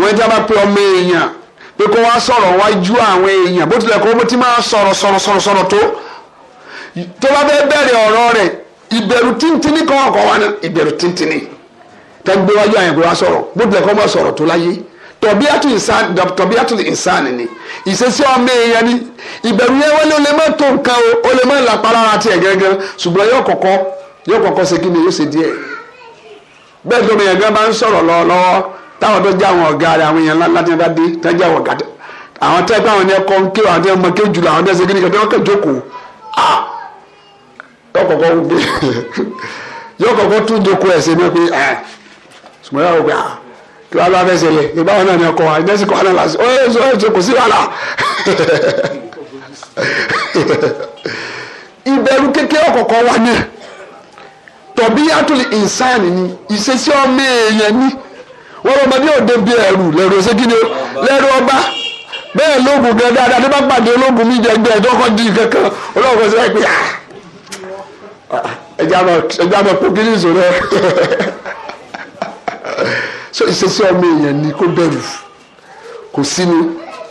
wọ́n jẹ́ bá pé ọmọ èèyàn pé kó wá sọ̀rọ̀ wájú àwọn èèyàn bó tilẹ̀ kó bó ti máa sọ̀rọ̀ sọ̀rọ̀ sọ̀rọ̀ sọ̀rọ̀ tó tó bá fẹ́ bẹ̀rẹ̀ ọ̀rọ̀ rẹ̀ ìbẹ̀rù tíntìní kan ọ̀kọ̀ wa náà ìbẹ̀rù tíntìní tẹ́gbẹ́ wájú àyẹ̀kọ́ wá sọ̀rọ̀ bó tilẹ̀ kó bá sọ̀rọ̀ tó láyé tọ̀bíàtù ìsàn tọ̀bíàtù ìsàn ni ìṣesí ọmọ èèyàn ni ìbẹ̀rù yẹn wọlé o lè má tó nǹkan o o lè má làpá lára tiẹ̀ gángan ṣùgbọ́n yóò kọ́kọ́ yóò kọ́kọ́ ṣe kí ni yóò ṣe díẹ̀ bẹ́ẹ̀ tó mìíràn gan bá ń sọ̀rọ̀ lọ́wọ́lọ́wọ́ táwọn tó jẹ́ àwọn ọ̀gá rẹ̀ àwọn èèyàn ńláńlá tí wọ́n dé tó jẹ́ àwọn ọ̀gá àwọn tẹ́ pé àwọn ní ẹ̀kọ́ ń ké àwọn tí mọ ké jù lọ àwọn tẹ́ ṣe kí ni kí kẹ́ jókòó ah yóò kọ́kọ́ yóò kọ́kọ́ tún jókòó ẹ̀ ṣe ní pé ẹ̀ ah! ṣùgbọ́n yóò kọ́kọ́ kí wàá bá fẹ́ ṣẹlẹ̀ ìgbà wọn náà ni ọkọ wa ìdẹ́sí kọ́ ọ́nà lásìkò ó yẹ sọ kò sí wàhálà. [laughs] ìbẹ̀rù kékeré ọ̀kọ̀ọ̀kan wa náà tọ̀bí àtúlì ìsáàní ni ìṣesí ọmọ èèyàn ni wọ́n lọ́mọ ní òde bí ẹ̀rù lẹ́rù ṣé kí ni o lẹ́rù ọba bẹ́ẹ̀ lóògùn gan dáadáa ní bá pàdé olóògùn mi jẹ gbẹ ẹ̀dọ́ di kankan olóògùn ṣe é pé ah, ah, ah, ẹja mọ̀ pé kí ni ìṣòro ẹ. [laughs] so ìṣesí ọmọ èèyàn ni kó bẹ̀rù kò sí ni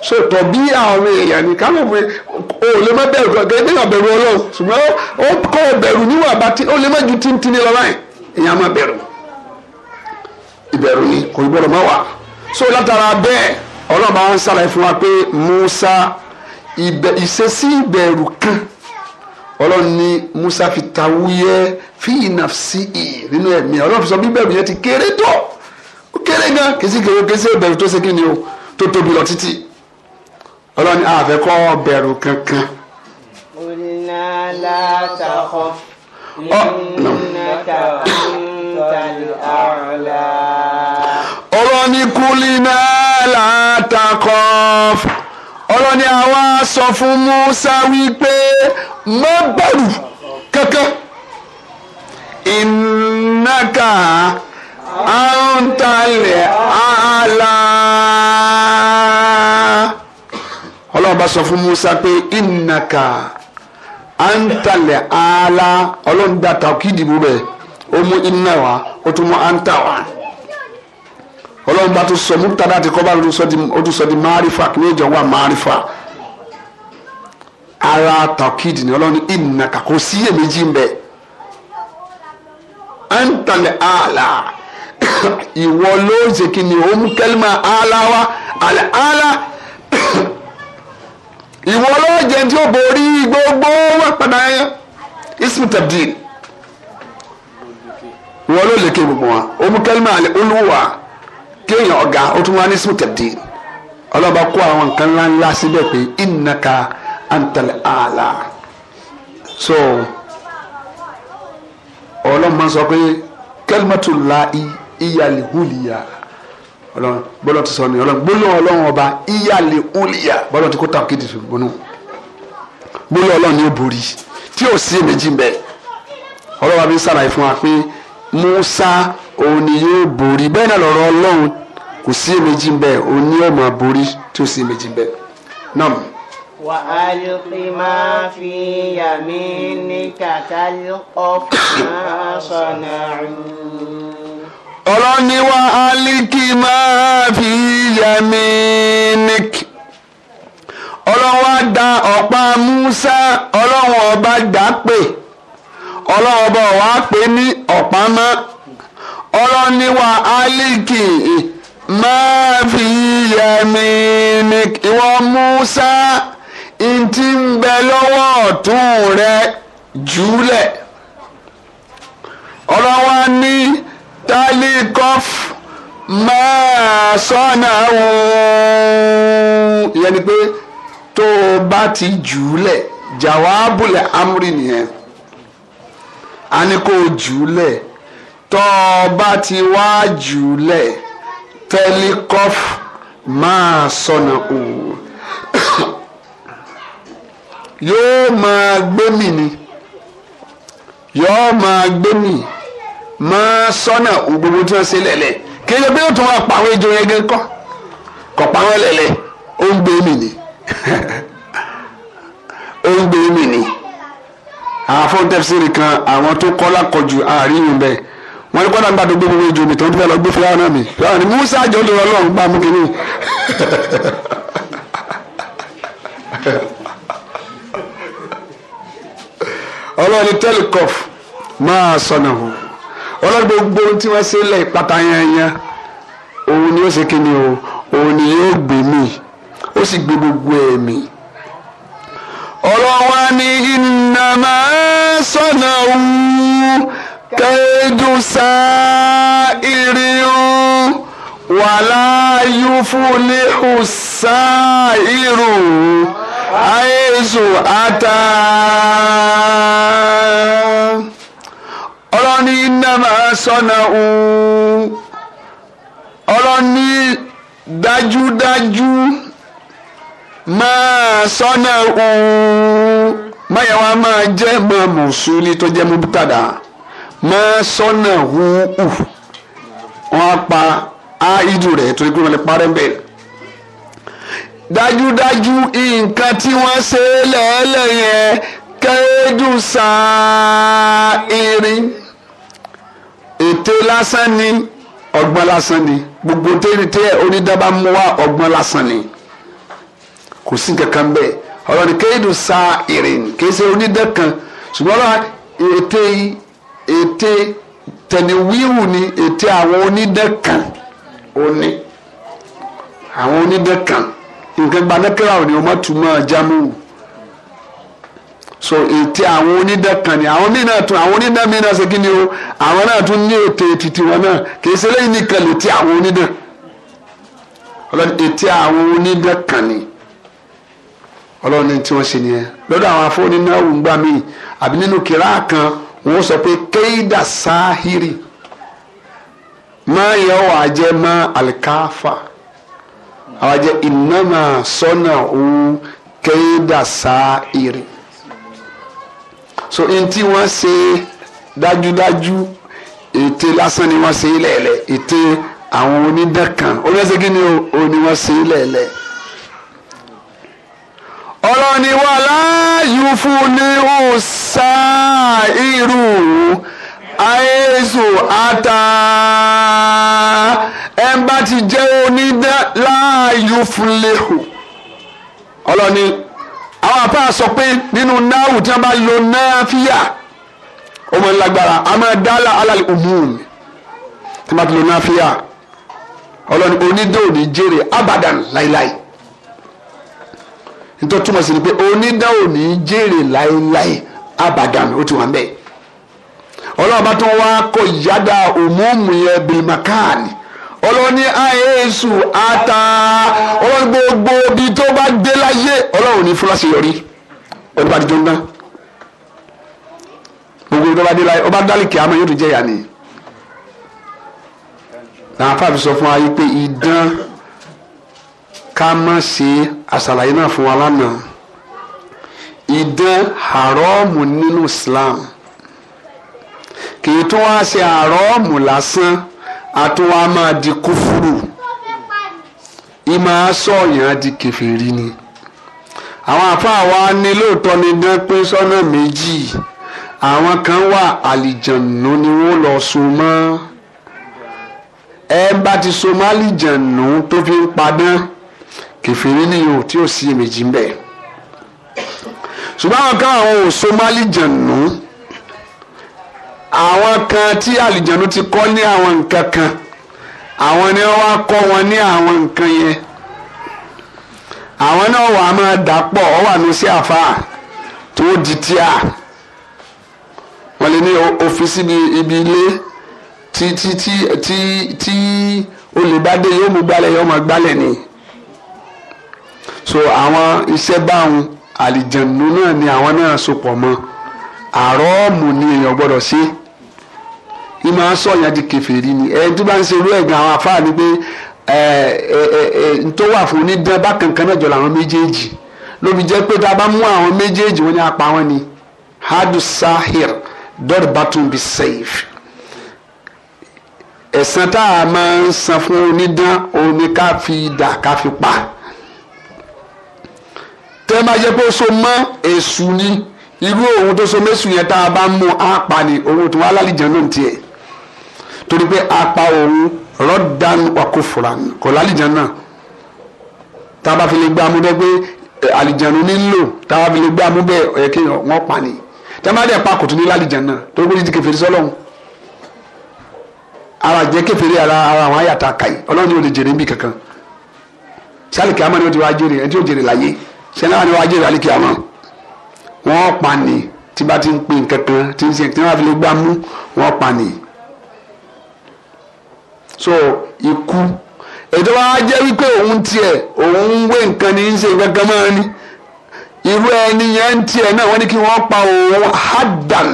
so tọ̀bí àwọn èèyàn ni ká ló fi o lè má bẹ̀rù gẹ́gẹ́ bí ọ̀bẹ̀rù ọlọ́run ṣùgbọ́n ó kọ́ ọ̀bẹ̀rù níwọ̀n àbá tí ó lè má ju tíntín ní lọ́wọ́ èèyàn má bẹ̀rù ìbẹ̀rù ni kò gbọ́dọ̀ má wà so látara bẹ́ẹ̀ ọlọ́run bá wọn ṣàlàyé fún wa pé Musa ìṣesí ìbẹ̀rù kan ọlọ́run ní Musa fi tawúyẹ́ fi nafsi nínú ẹ̀mí ọlọ́run fi sọ bí bẹ̀rù yẹn ti kéré tó ó kéré gan kìsì kéré kìsì ìbẹ̀rù tó ṣe ni o tó tóbi lọ títí ọlọ́ni àfẹ́ kọ́ bẹ̀rù kankan. ọ̀nà látàkọ́ ìnáka ìtàlẹ̀ àrùlá. ọlọ́ni kúlínà látàkọ́ ọlọ́ni àwa sọ fún Musa wípé má bẹ̀rù kankan ìnáka àǹtàlẹ̀ àlà. ọlọ́run bá sọ fún Musa pé ìnàkà àǹtàlẹ̀ àlà ọlọ́run dá tàkìdì búbẹ̀ ó mú iná wá ó tún mú àǹtà wá ọlọ́run bá tún sọ mútàdá àti kọ́bá ó tún sọ di márífà kí wọ́n jọ wà márífà ara tàkìdì ni ọlọ́run ìnàkà kò síyèméjì ń bẹ̀ àǹtàlẹ̀ àlà ìwọ ló ń ṣe kí ni ó mú kẹ́límà aláwa àlẹ́ alá ìwọ ló jẹ tí ó borí gbogbo wọn padà yẹn ismu tabdil ìwọ ló lékè gbogbo wọn ó mú kẹ́límà àlẹ́ olúwa kéèyàn ọ̀gá ó tún wá ní ismu tabdil ọlọ́ba kó àwọn nǹkan ńláńlá síbẹ̀ pé ìnaka àǹtẹ̀lẹ̀ àlà so ọlọ́mọ sọ pé kẹ́límà tó la i ìyàlè húlìyà ọlọ́run ti sọ ní ọlọ́run gbólóhùn ọlọ́run ọba ìyàlè húlìyà bọ́lá ti kó tàwọn kéde ṣùgbọ́nù gbólóhùn ọlọ́run ni ó borí tí ò sí èméjì mbẹ ọlọ́run àbí sàlàyé fún wa pé Musa òun ni yóò borí bẹ́ẹ̀ náà lọ́rọ̀ ọlọ́run kò sí èméjì mbẹ òun ni ó máa borí tí ò sí èméjì mbẹ náà. وألق ما في يمينك تلقف ما صنعوا ọlọ́ni wa aliki máa fi yẹmi nik ọlọ́wọ́ da ọ̀pá Musa ọlọ́wọ́ ọba dà pé ọlọ́wọ́ ọba wa pé ní ọ̀pá mọ́ ọlọ́ni wa aliki máa fi yẹmi nik ìwọ Musa ntí ń bẹ lọ́wọ́ ọ̀tún rẹ jùlẹ̀ ọlọ́wọ́ ní. tálíkọ́f máa sọ́nà wò ìyẹn ni pé tó o bá ti jù ú lẹ̀ jàwábùlẹ̀ amúrì nìyẹn a ní kó o jù ú lẹ̀ tó o bá ti wá jù ú lẹ̀ tálíkọ́f máa sọ́nà wò [coughs] yóò máa gbé mi ni yóò máa gbé mi máa sọ́nà gbogbo tí wọ́n ṣe lẹ̀lẹ̀ kí ẹ gbé tó wọn pa àwọn ejò yẹn gẹ́ kọ́ kọ̀ pa wọn lẹ̀lẹ̀ ó ń gbé mi ni [laughs] ó ń gbé mi ni àwọn afọ́ńtẹ́fẹ́sì kan àwọn tó kọ́ lákọ̀jù àárín yìí bẹ́ẹ̀ wọ́n ní kọ́dà ń gbàdúgbò gbogbo ejò mi tó ń fẹ́ lọ gbé fúláwọ́ náà mi fúláwọ́ ni Musa jọ lè Ọlọ́run gbà mú kínní [laughs] Ọlọ́run tẹ́lẹ̀ kọ́f máa sọ̀nà hù ọlọ́run gbogbo tí wọ́n ṣe lẹ̀ pátá yanyan òun ni ó ṣe kíni o òun ni yóò gbé mi ó sì gbé gbogbo ẹ̀ mi. ọlọ́wọ́ ni ìnàmá sọ̀nà òun kẹ́ẹ́dù sá ìrìn wàlá yúfúlẹ́hù sá ìrùn àìsùn àtà ọlọ́ni iná máa sọ́nà òun ọlọ́ni dájúdájú máa sọ́nà òun máyàwá máa jẹ́ máa mọ̀súlì tó jẹ́ mọ́bútàdá máa sọ́nà òun wọ́n á pa áìdù rẹ̀ torí pé wọ́n lè parẹ́ bẹ́ẹ̀ dájúdájú nǹkan tí wọ́n ṣe lẹ́ẹ̀lẹ́ yẹn kẹ́ẹ́dùn sáà irin ète lásán ni ọgbọ́n lásán ni gbogbo tẹ́lifíẹ́ onídàbà mú wa ọgbọ́n lásán ni kò sí kankan bẹ́ẹ̀ ọlọ́ni kéèdù sa ìrìn kéè ṣe onídẹ́ kan ṣùgbọ́n ọlọ́wà ète ète tẹ̀niwíwù ni ète àwọn onídẹ́ kan òní àwọn onídẹ́ kan nǹkan gbanákẹ́rà òní ọmọ túmọ̀ jámù so ète àwọn onídán kan ni àwọn míì náà tún àwọn onídán míì náà ṣe kí ni o àwọn náà tún ní ète títí wọn náà kì í ṣe lẹ́yìn nìkan lè ti àwọn onídán ọlọ́ni ète àwọn onídán kan ni ọlọ́ni tí wọ́n ṣe nìyẹn lọ́dọ̀ àwọn afọ́ni náà wù ń gbà míì àbí nínú kìlá kan wọ́n sọ pé kéèdà sáhírì máa yẹ ọ wàá jẹ mọ àlìkáfà àwọn jẹ ìnáma sọnà òun kéèdà sáhírì so n tí wọ́n ṣe dájúdájú ète lásán ni wọ́n ṣe lẹ́ẹ̀lẹ́ ète àwọn onídàn kan oníṣẹ́ kí ni o ni wọ́n ṣe lẹ́ẹ̀lẹ́ ọlọ́ni wà láàyò fún ní òòsà irú àyèsò ata ẹ bá ti jẹ́ onídàn láàyò fún lẹ́hùn ọlọ́ni. àwọn àfáà sọ pé nínú náàwù tí wọ́n bá lo náàfíà ọmọ ìlágbára a máa dálà alàlẹ òmùn tí wọ́n bá lo náàfíà ọlọ́ni onídòòní jèrè abadan láíláí nítorí túmọ̀ sí ni pé onídòòní jèrè láíláí abadan ó ti wà ń ọlọ́ọ̀bá tó wá kọ ìyáda òmùn yẹn bìrìmàkáàni ọlọ́ni àyèsù ata ọlọ́ni gbogbo ibi tó bá dé láyé ọlọ́run ní fúláṣí yọrí ọdún bá ti tó ń dán gbogbo ibi tó bá dé láyé ọba dálìkì àmọ́ yóò tún jẹ́ ìyá nìyí làwọn afáàfin sọ fún wa yìí pé idán ká má ṣe àṣàlàyé náà fún wa lánàá idán haramu nínú Islam kì í tún wá ṣe haramu lásán àtúwá máa di kúfúrú ìmọ̀ asọ̀yàn di kèfèrí ni àwọn àfáà wa ní lóòótọ́ ni dán pé sọ́nà méjì àwọn kan wà àlìjànù ni wọ́n lọ so mọ́ ẹ bá ti so mọ́ àlìjànù tó fi ń padán kèfèrí ni o tí ò sí èméjì ń bẹ ṣùgbọ́n àwọn kan àwọn ò so mọ́ àlìjànù àwọn kan tí àlìjànú ti kọ́ ní àwọn nǹkan kan àwọn ni wọ́n wá kọ́ wọn ní àwọn nǹkan yẹn àwọn náà wàá máa dà pọ̀ ọ wà ní sí àfáà tó di tíà wọ́n lè ní ọ́fíìsì ibi ilé tí tí tí tí tí olùbádé yóò mú gbálẹ̀ yóò máa gbálẹ̀ ni so àwọn iṣẹ́ báwọn àlìjànú náà ni àwọn náà so pọ̀ mọ́ àrọ́ọ̀mù ni èèyàn gbọ́dọ̀ ṣe ní máa sọ yẹn di kèfèrí ni ẹni tó bá ń ṣe irú àwọn afáà ni pé n tó wà fún onídán bákan kan náà jọ làwọn méjèèjì lóbi jẹ́ pé tá a bá mú àwọn méjèèjì wọn ni apá wọn ni hadu sahir dọ́rọ̀ bàtún bí ẹ̀sán tá a máa ń san fún onídán òun ni ká fi dà ká fi pa tẹ́ máa jẹ́ pé ó so mọ́ èṣù ni irú òun tó so méṣù yẹn tá a bá mú apá ni òun tó wá lálìjẹ́ ló ń tiẹ̀ torí pé apá òun rọ́dàn wàkó fúran kò lálìjẹ́ náà tá a bá fi lè gbé amú dẹ́gbẹ́ eh, àlìjẹ̀nu nílò tá a bá fi lè gbé amú bẹ́ẹ̀ ẹ̀ kí wọ́n pa ni tá a bá dẹ̀ pa kò tún ní lálìjẹ́ náà torí pé ní ti kẹfẹ́rí sọ́lọ́hún ara jẹ́ kẹfẹ́rí ara ara àwọn àyàtà kàyí ọlọ́run yóò lè jèrè níbi kankan sálìkì àmọ́ ni ó ti wá jèrè ẹ̀ tí ó jèrè láyé sẹ́ni àwọn ni wọ́n á jèrè àlìkì àmọ́ wọ́n pa ni tí bá ti ń pè nǹkan kan tí ń ṣe tí wọ́n fi lè gbá mú wọ́n pa ni. so ikú ètò wa jẹ́ wípé òun tiẹ̀ òun ń wé nǹkan ní í ṣe nǹkan kan máa ní irú ẹni yẹn ń tiẹ̀ náà wọ́n ní kí wọ́n pa òun hadan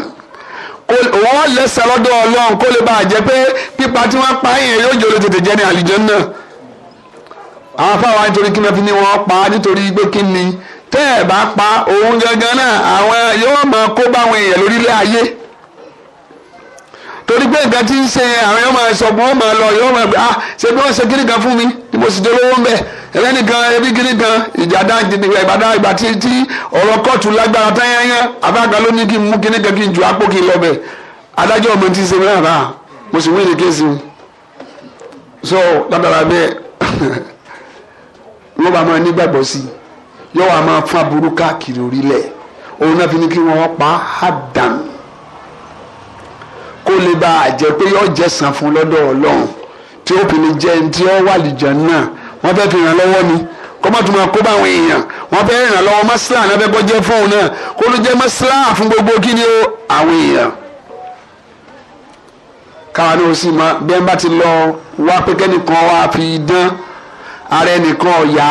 wọ́n lẹ́sẹ̀ lọ́dọ̀ ọlọ́run kó lè bá a jẹ́ pé pípa tí wọ́n pa yẹn yóò jòlè tètè jẹ́ ní àlùjànnà àwọn afáwa nítorí kí wọ́n fi ní wọ́n pa nítorí pé kí ni tẹ́ ẹ̀ bá pa òun gangan náà àwọn yóò máa kó báwọn èèyàn lórílẹ̀ ayé torí pé nǹkan tí ń ṣe àwọn yóò máa sọ wọn máa lọ yóò máa gbé ah ṣe bí wọ́n ṣe kíni kan fún mi ni mo sì di olówó ń bẹ̀ ẹ̀rẹ́ nìkan ẹbí kíni kan ìjàdá ìbàdá ìgbà tí tí ọ̀rọ̀ kóòtù lágbára táyáyá abáàgbà ló ní kí n mú kíni kan kí n ju apó kí n lọ bẹ̀ adájọ́ ọmọ ti ṣe mìíràn náà ah, mo sì wí ní kéésì so lábàrá bẹ́ẹ̀ [laughs] wọ́n bá máa nígbàgbọ́ sí i yóò wá máa fún aburú káàkiri orílẹ̀ òun náà fi ní kí wọ́n pa á dàn kó lè bá a jẹ́ pé yóò jẹ́ sàn fún lọ́dọ̀ ọlọ́run tí ó fi lè jẹ́ ẹni tí ó wà lìjàn náà wọ́n fẹ́ fi ràn lọ́wọ́ ni kọ́mọ̀tún máa kó bá àwọn èèyàn wọ́n fẹ́ ràn lọ́wọ́ mọ́sílà náà fẹ́ kọ́ fóun náà kó ló jẹ́ mọ́sílà fún gbogbo kí ni ó àwọn èèyàn káwa ní oṣù mọ́ bí wọ́n bá ti lọ wá pé kẹ́nìkan wá fi dán ara ẹnìkan ọ̀yá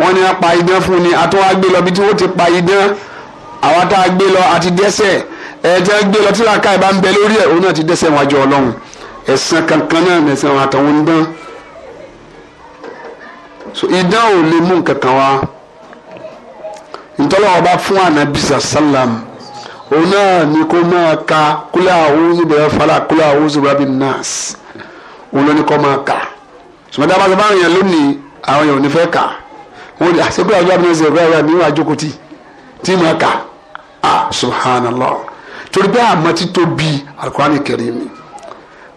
wọ́n ní apá idán fún ni àtúwá gbé lọ bí tí wọ́n ti pa idán àwa tá a gbé lọ àti dẹ́sẹ̀ ẹ̀ẹ́dẹ́ gbé lọ tí làákà ìbá ń bẹ lórí ẹ̀ òun náà ti dẹ́sẹ̀ wájú ọlọ́run ẹ̀sán kankan náà nẹ̀sán àtàwọn idán so idán ò lè mú nǹkankan wá ntọ́lọ́ ọba fún anabisa salam òun náà ni kó máa ka kúlẹ̀ àwòrán bẹ̀rẹ̀ fàlà kúlẹ̀ àwòrán bẹ̀rẹ̀ bí nọ́ọ̀sì òun ló ní kó máa kà sùmọ́tà bá bá àwọn lónìí àwọn èèyàn ò ní fẹ́ kà á wọ́n ní àṣẹ ibrahim abdul aziz ibrahim abdul aziz àjokòtì tí mo kà á subhanallah torí bẹ́ẹ̀ àmọ́ ti tó bí alukurani kẹrin mi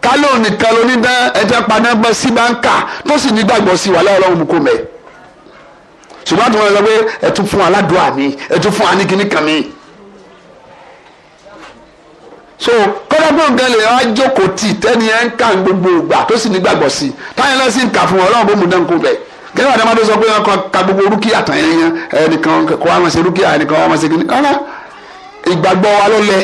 kálọ̀ nìkan ló ní dán ẹja panágbọ́ sí máa ń kà tó sì ní gbàgbọ́ sí wàhálà ọlọ́run mú kó mẹ́ ṣùgbọ́n àti wọn lọ pé ẹ fún aládùá mi ẹ tún fún anìkíní kan mi so kọ́dọ́gbọ́n nǹkan lè wá jókòó tì tẹ́ni ẹ̀ ń kà gbogbo ìgbà tó sì ní gbàgbọ́ sí táyà náà sì ń kà fún ọlọ́run bó mu dán kó bẹ́ẹ̀ kẹ́lẹ́ àti ọmọdé sọ pé wọn ka gbogbo rúkìá tán yẹn yẹn ẹnìkan kọ́ àwọn ṣe rúkìá ẹnìkan wọn ṣe kíni rárá ìgbàgbọ́ wa ló lẹ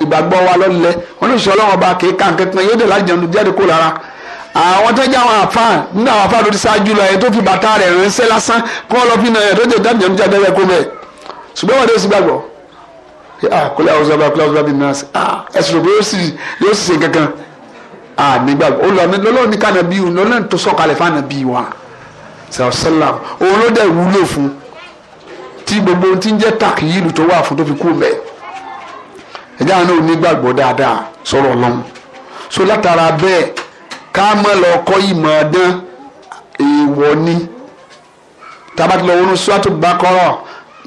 ìgbàgbọ́ wa ló lẹ wọn ní sọlọ́ wọn bá kí kankankan yóò dé láti jẹun jáde kó lára àwọn tó jẹ́ àwọn àfa nínú àwọn àfa tó ti ṣáájú lọ yẹn tó fi bàtà rẹ̀ ránṣẹ́ lásán kó wọn lọ fi nà yẹn ànígbàgbọ́ ah, olùwàmí lọ́lọ́run ní kànábí òun lọ́lọ́run tó sọ̀kalẹ̀ fànábí wa sàlọ́sàlá òun ló dẹ̀ wúlò fún tí gbogbo ohun tí ń jẹ́ tàkìyìlù tó wà fún tó fi kú mẹ́ ẹ̀jẹ̀ àwọn náà nígbàgbọ́ dáadáa sọ̀rọ̀ ọlọ́run so látara bẹ́ẹ̀ ká mọ́ lọ kọ́ ìmọ̀ ọdán èèwọ̀ ni tábàtì lọ́wọ́ nù sọ́tò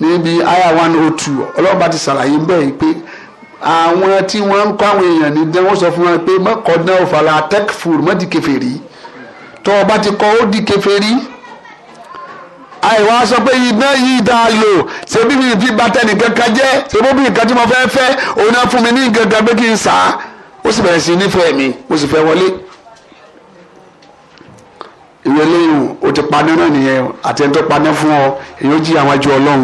níbi àyà one oh two ọlọ́run ti ṣàlàyé bẹ́ẹ̀ pé àwọn tí wọ́n ń kọ́ àwọn èèyàn ní dán wọ́n sọ fún wọn pé mọ́kàndán òfàlà tẹ́kfùr mọ́ di kèfèrí tó o bá ti kọ́ ó di kèfèrí àìwá sọ pé iná yìí dáa lò ṣebí mi fi ba tẹ nìkan kan jẹ́ ṣebí mi nǹkan tí mo fẹ́ fẹ́ òun náà fún mi ní nǹkan kan pé kí n sà á ó sì bẹ̀rẹ̀ sí nífẹ̀ẹ́ mi ó sì fẹ́ wọlé ìwé lẹ́yìn o ti paná náà nìyẹn àti ẹni tó paná fún ọ èyí ó jí àwọn àjọ ọlọ́run.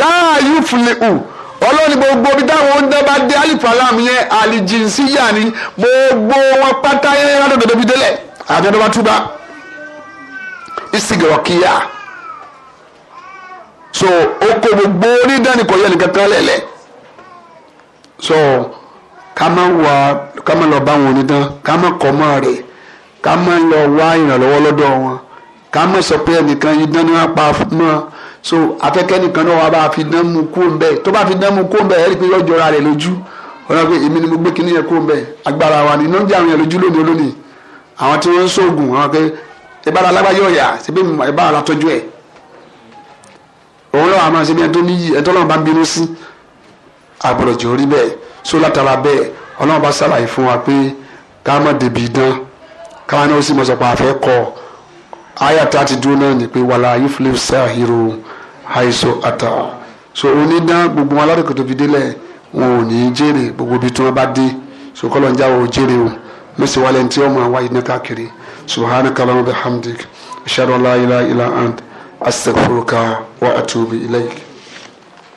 láàyè fúlẹ̀kù ọlọ́ni gbogbo bí táwọn oúnjẹ bá dé alifalam yẹn alìjìnsíyà ni gbogbo wọn pátá yẹn ládòdòdò fi délẹ̀ àjọyọ̀ bá túbà ìsìgìrọ̀ kíyà so ó kó gbogbo onídàáni kò yẹ nìkan lẹ̀lẹ̀ so ká má wà ká má lọ bá wọn onídán ká má kọ́ mọ́ rẹ̀ lọ wá ìrànlọ́wọ́ lọ́dọ̀ wọn ká sọ pé ẹnìkan idán ni wọ́n pa mọ́ ọ so afẹ́kẹ́ nìkan náà wàá bá fi dán mu kó ń bẹ́ẹ̀ tó bá fi dán mu kó ń bẹ́ẹ̀ ẹ̀rí pé yọ jọra rẹ̀ lójú ọ̀rọ̀ pé èmi ni mo gbé kinní yẹn kó ń bẹ́ẹ̀ agbára wa ni iná ń jẹ́ àwọn yẹn lójú lónìí olónìí àwọn tí wọ́n ń sóògùn àwọn pé ìbára alágbáyé ọ̀yà síbi ìbára látọ́jú ẹ̀ òun náà àmọ́ síbi ẹ̀tọ́ níyì ẹ̀tọ́ náà bá bínú sí àgbọ̀dọ̀jọ́ rí bẹ́ẹ̀ so látara bẹ́ẹ̀ ọlọ́run bá ṣàlàyé fún àìsàn àtà so onídán gbogbo wọn aládùúgbò tó fi délẹ̀ wọn ò ní í jèrè gbogbo ibi tí wọn bá dé so kọ́lọ̀ ń já wọn ò jèrè o mẹ́sì wálé ní tí wọ́n máa wá iná káàkiri subhanaka Allahumma bihamdik ashhadu an la ilaha illa ant astaghfiruka wa atubu ilayk.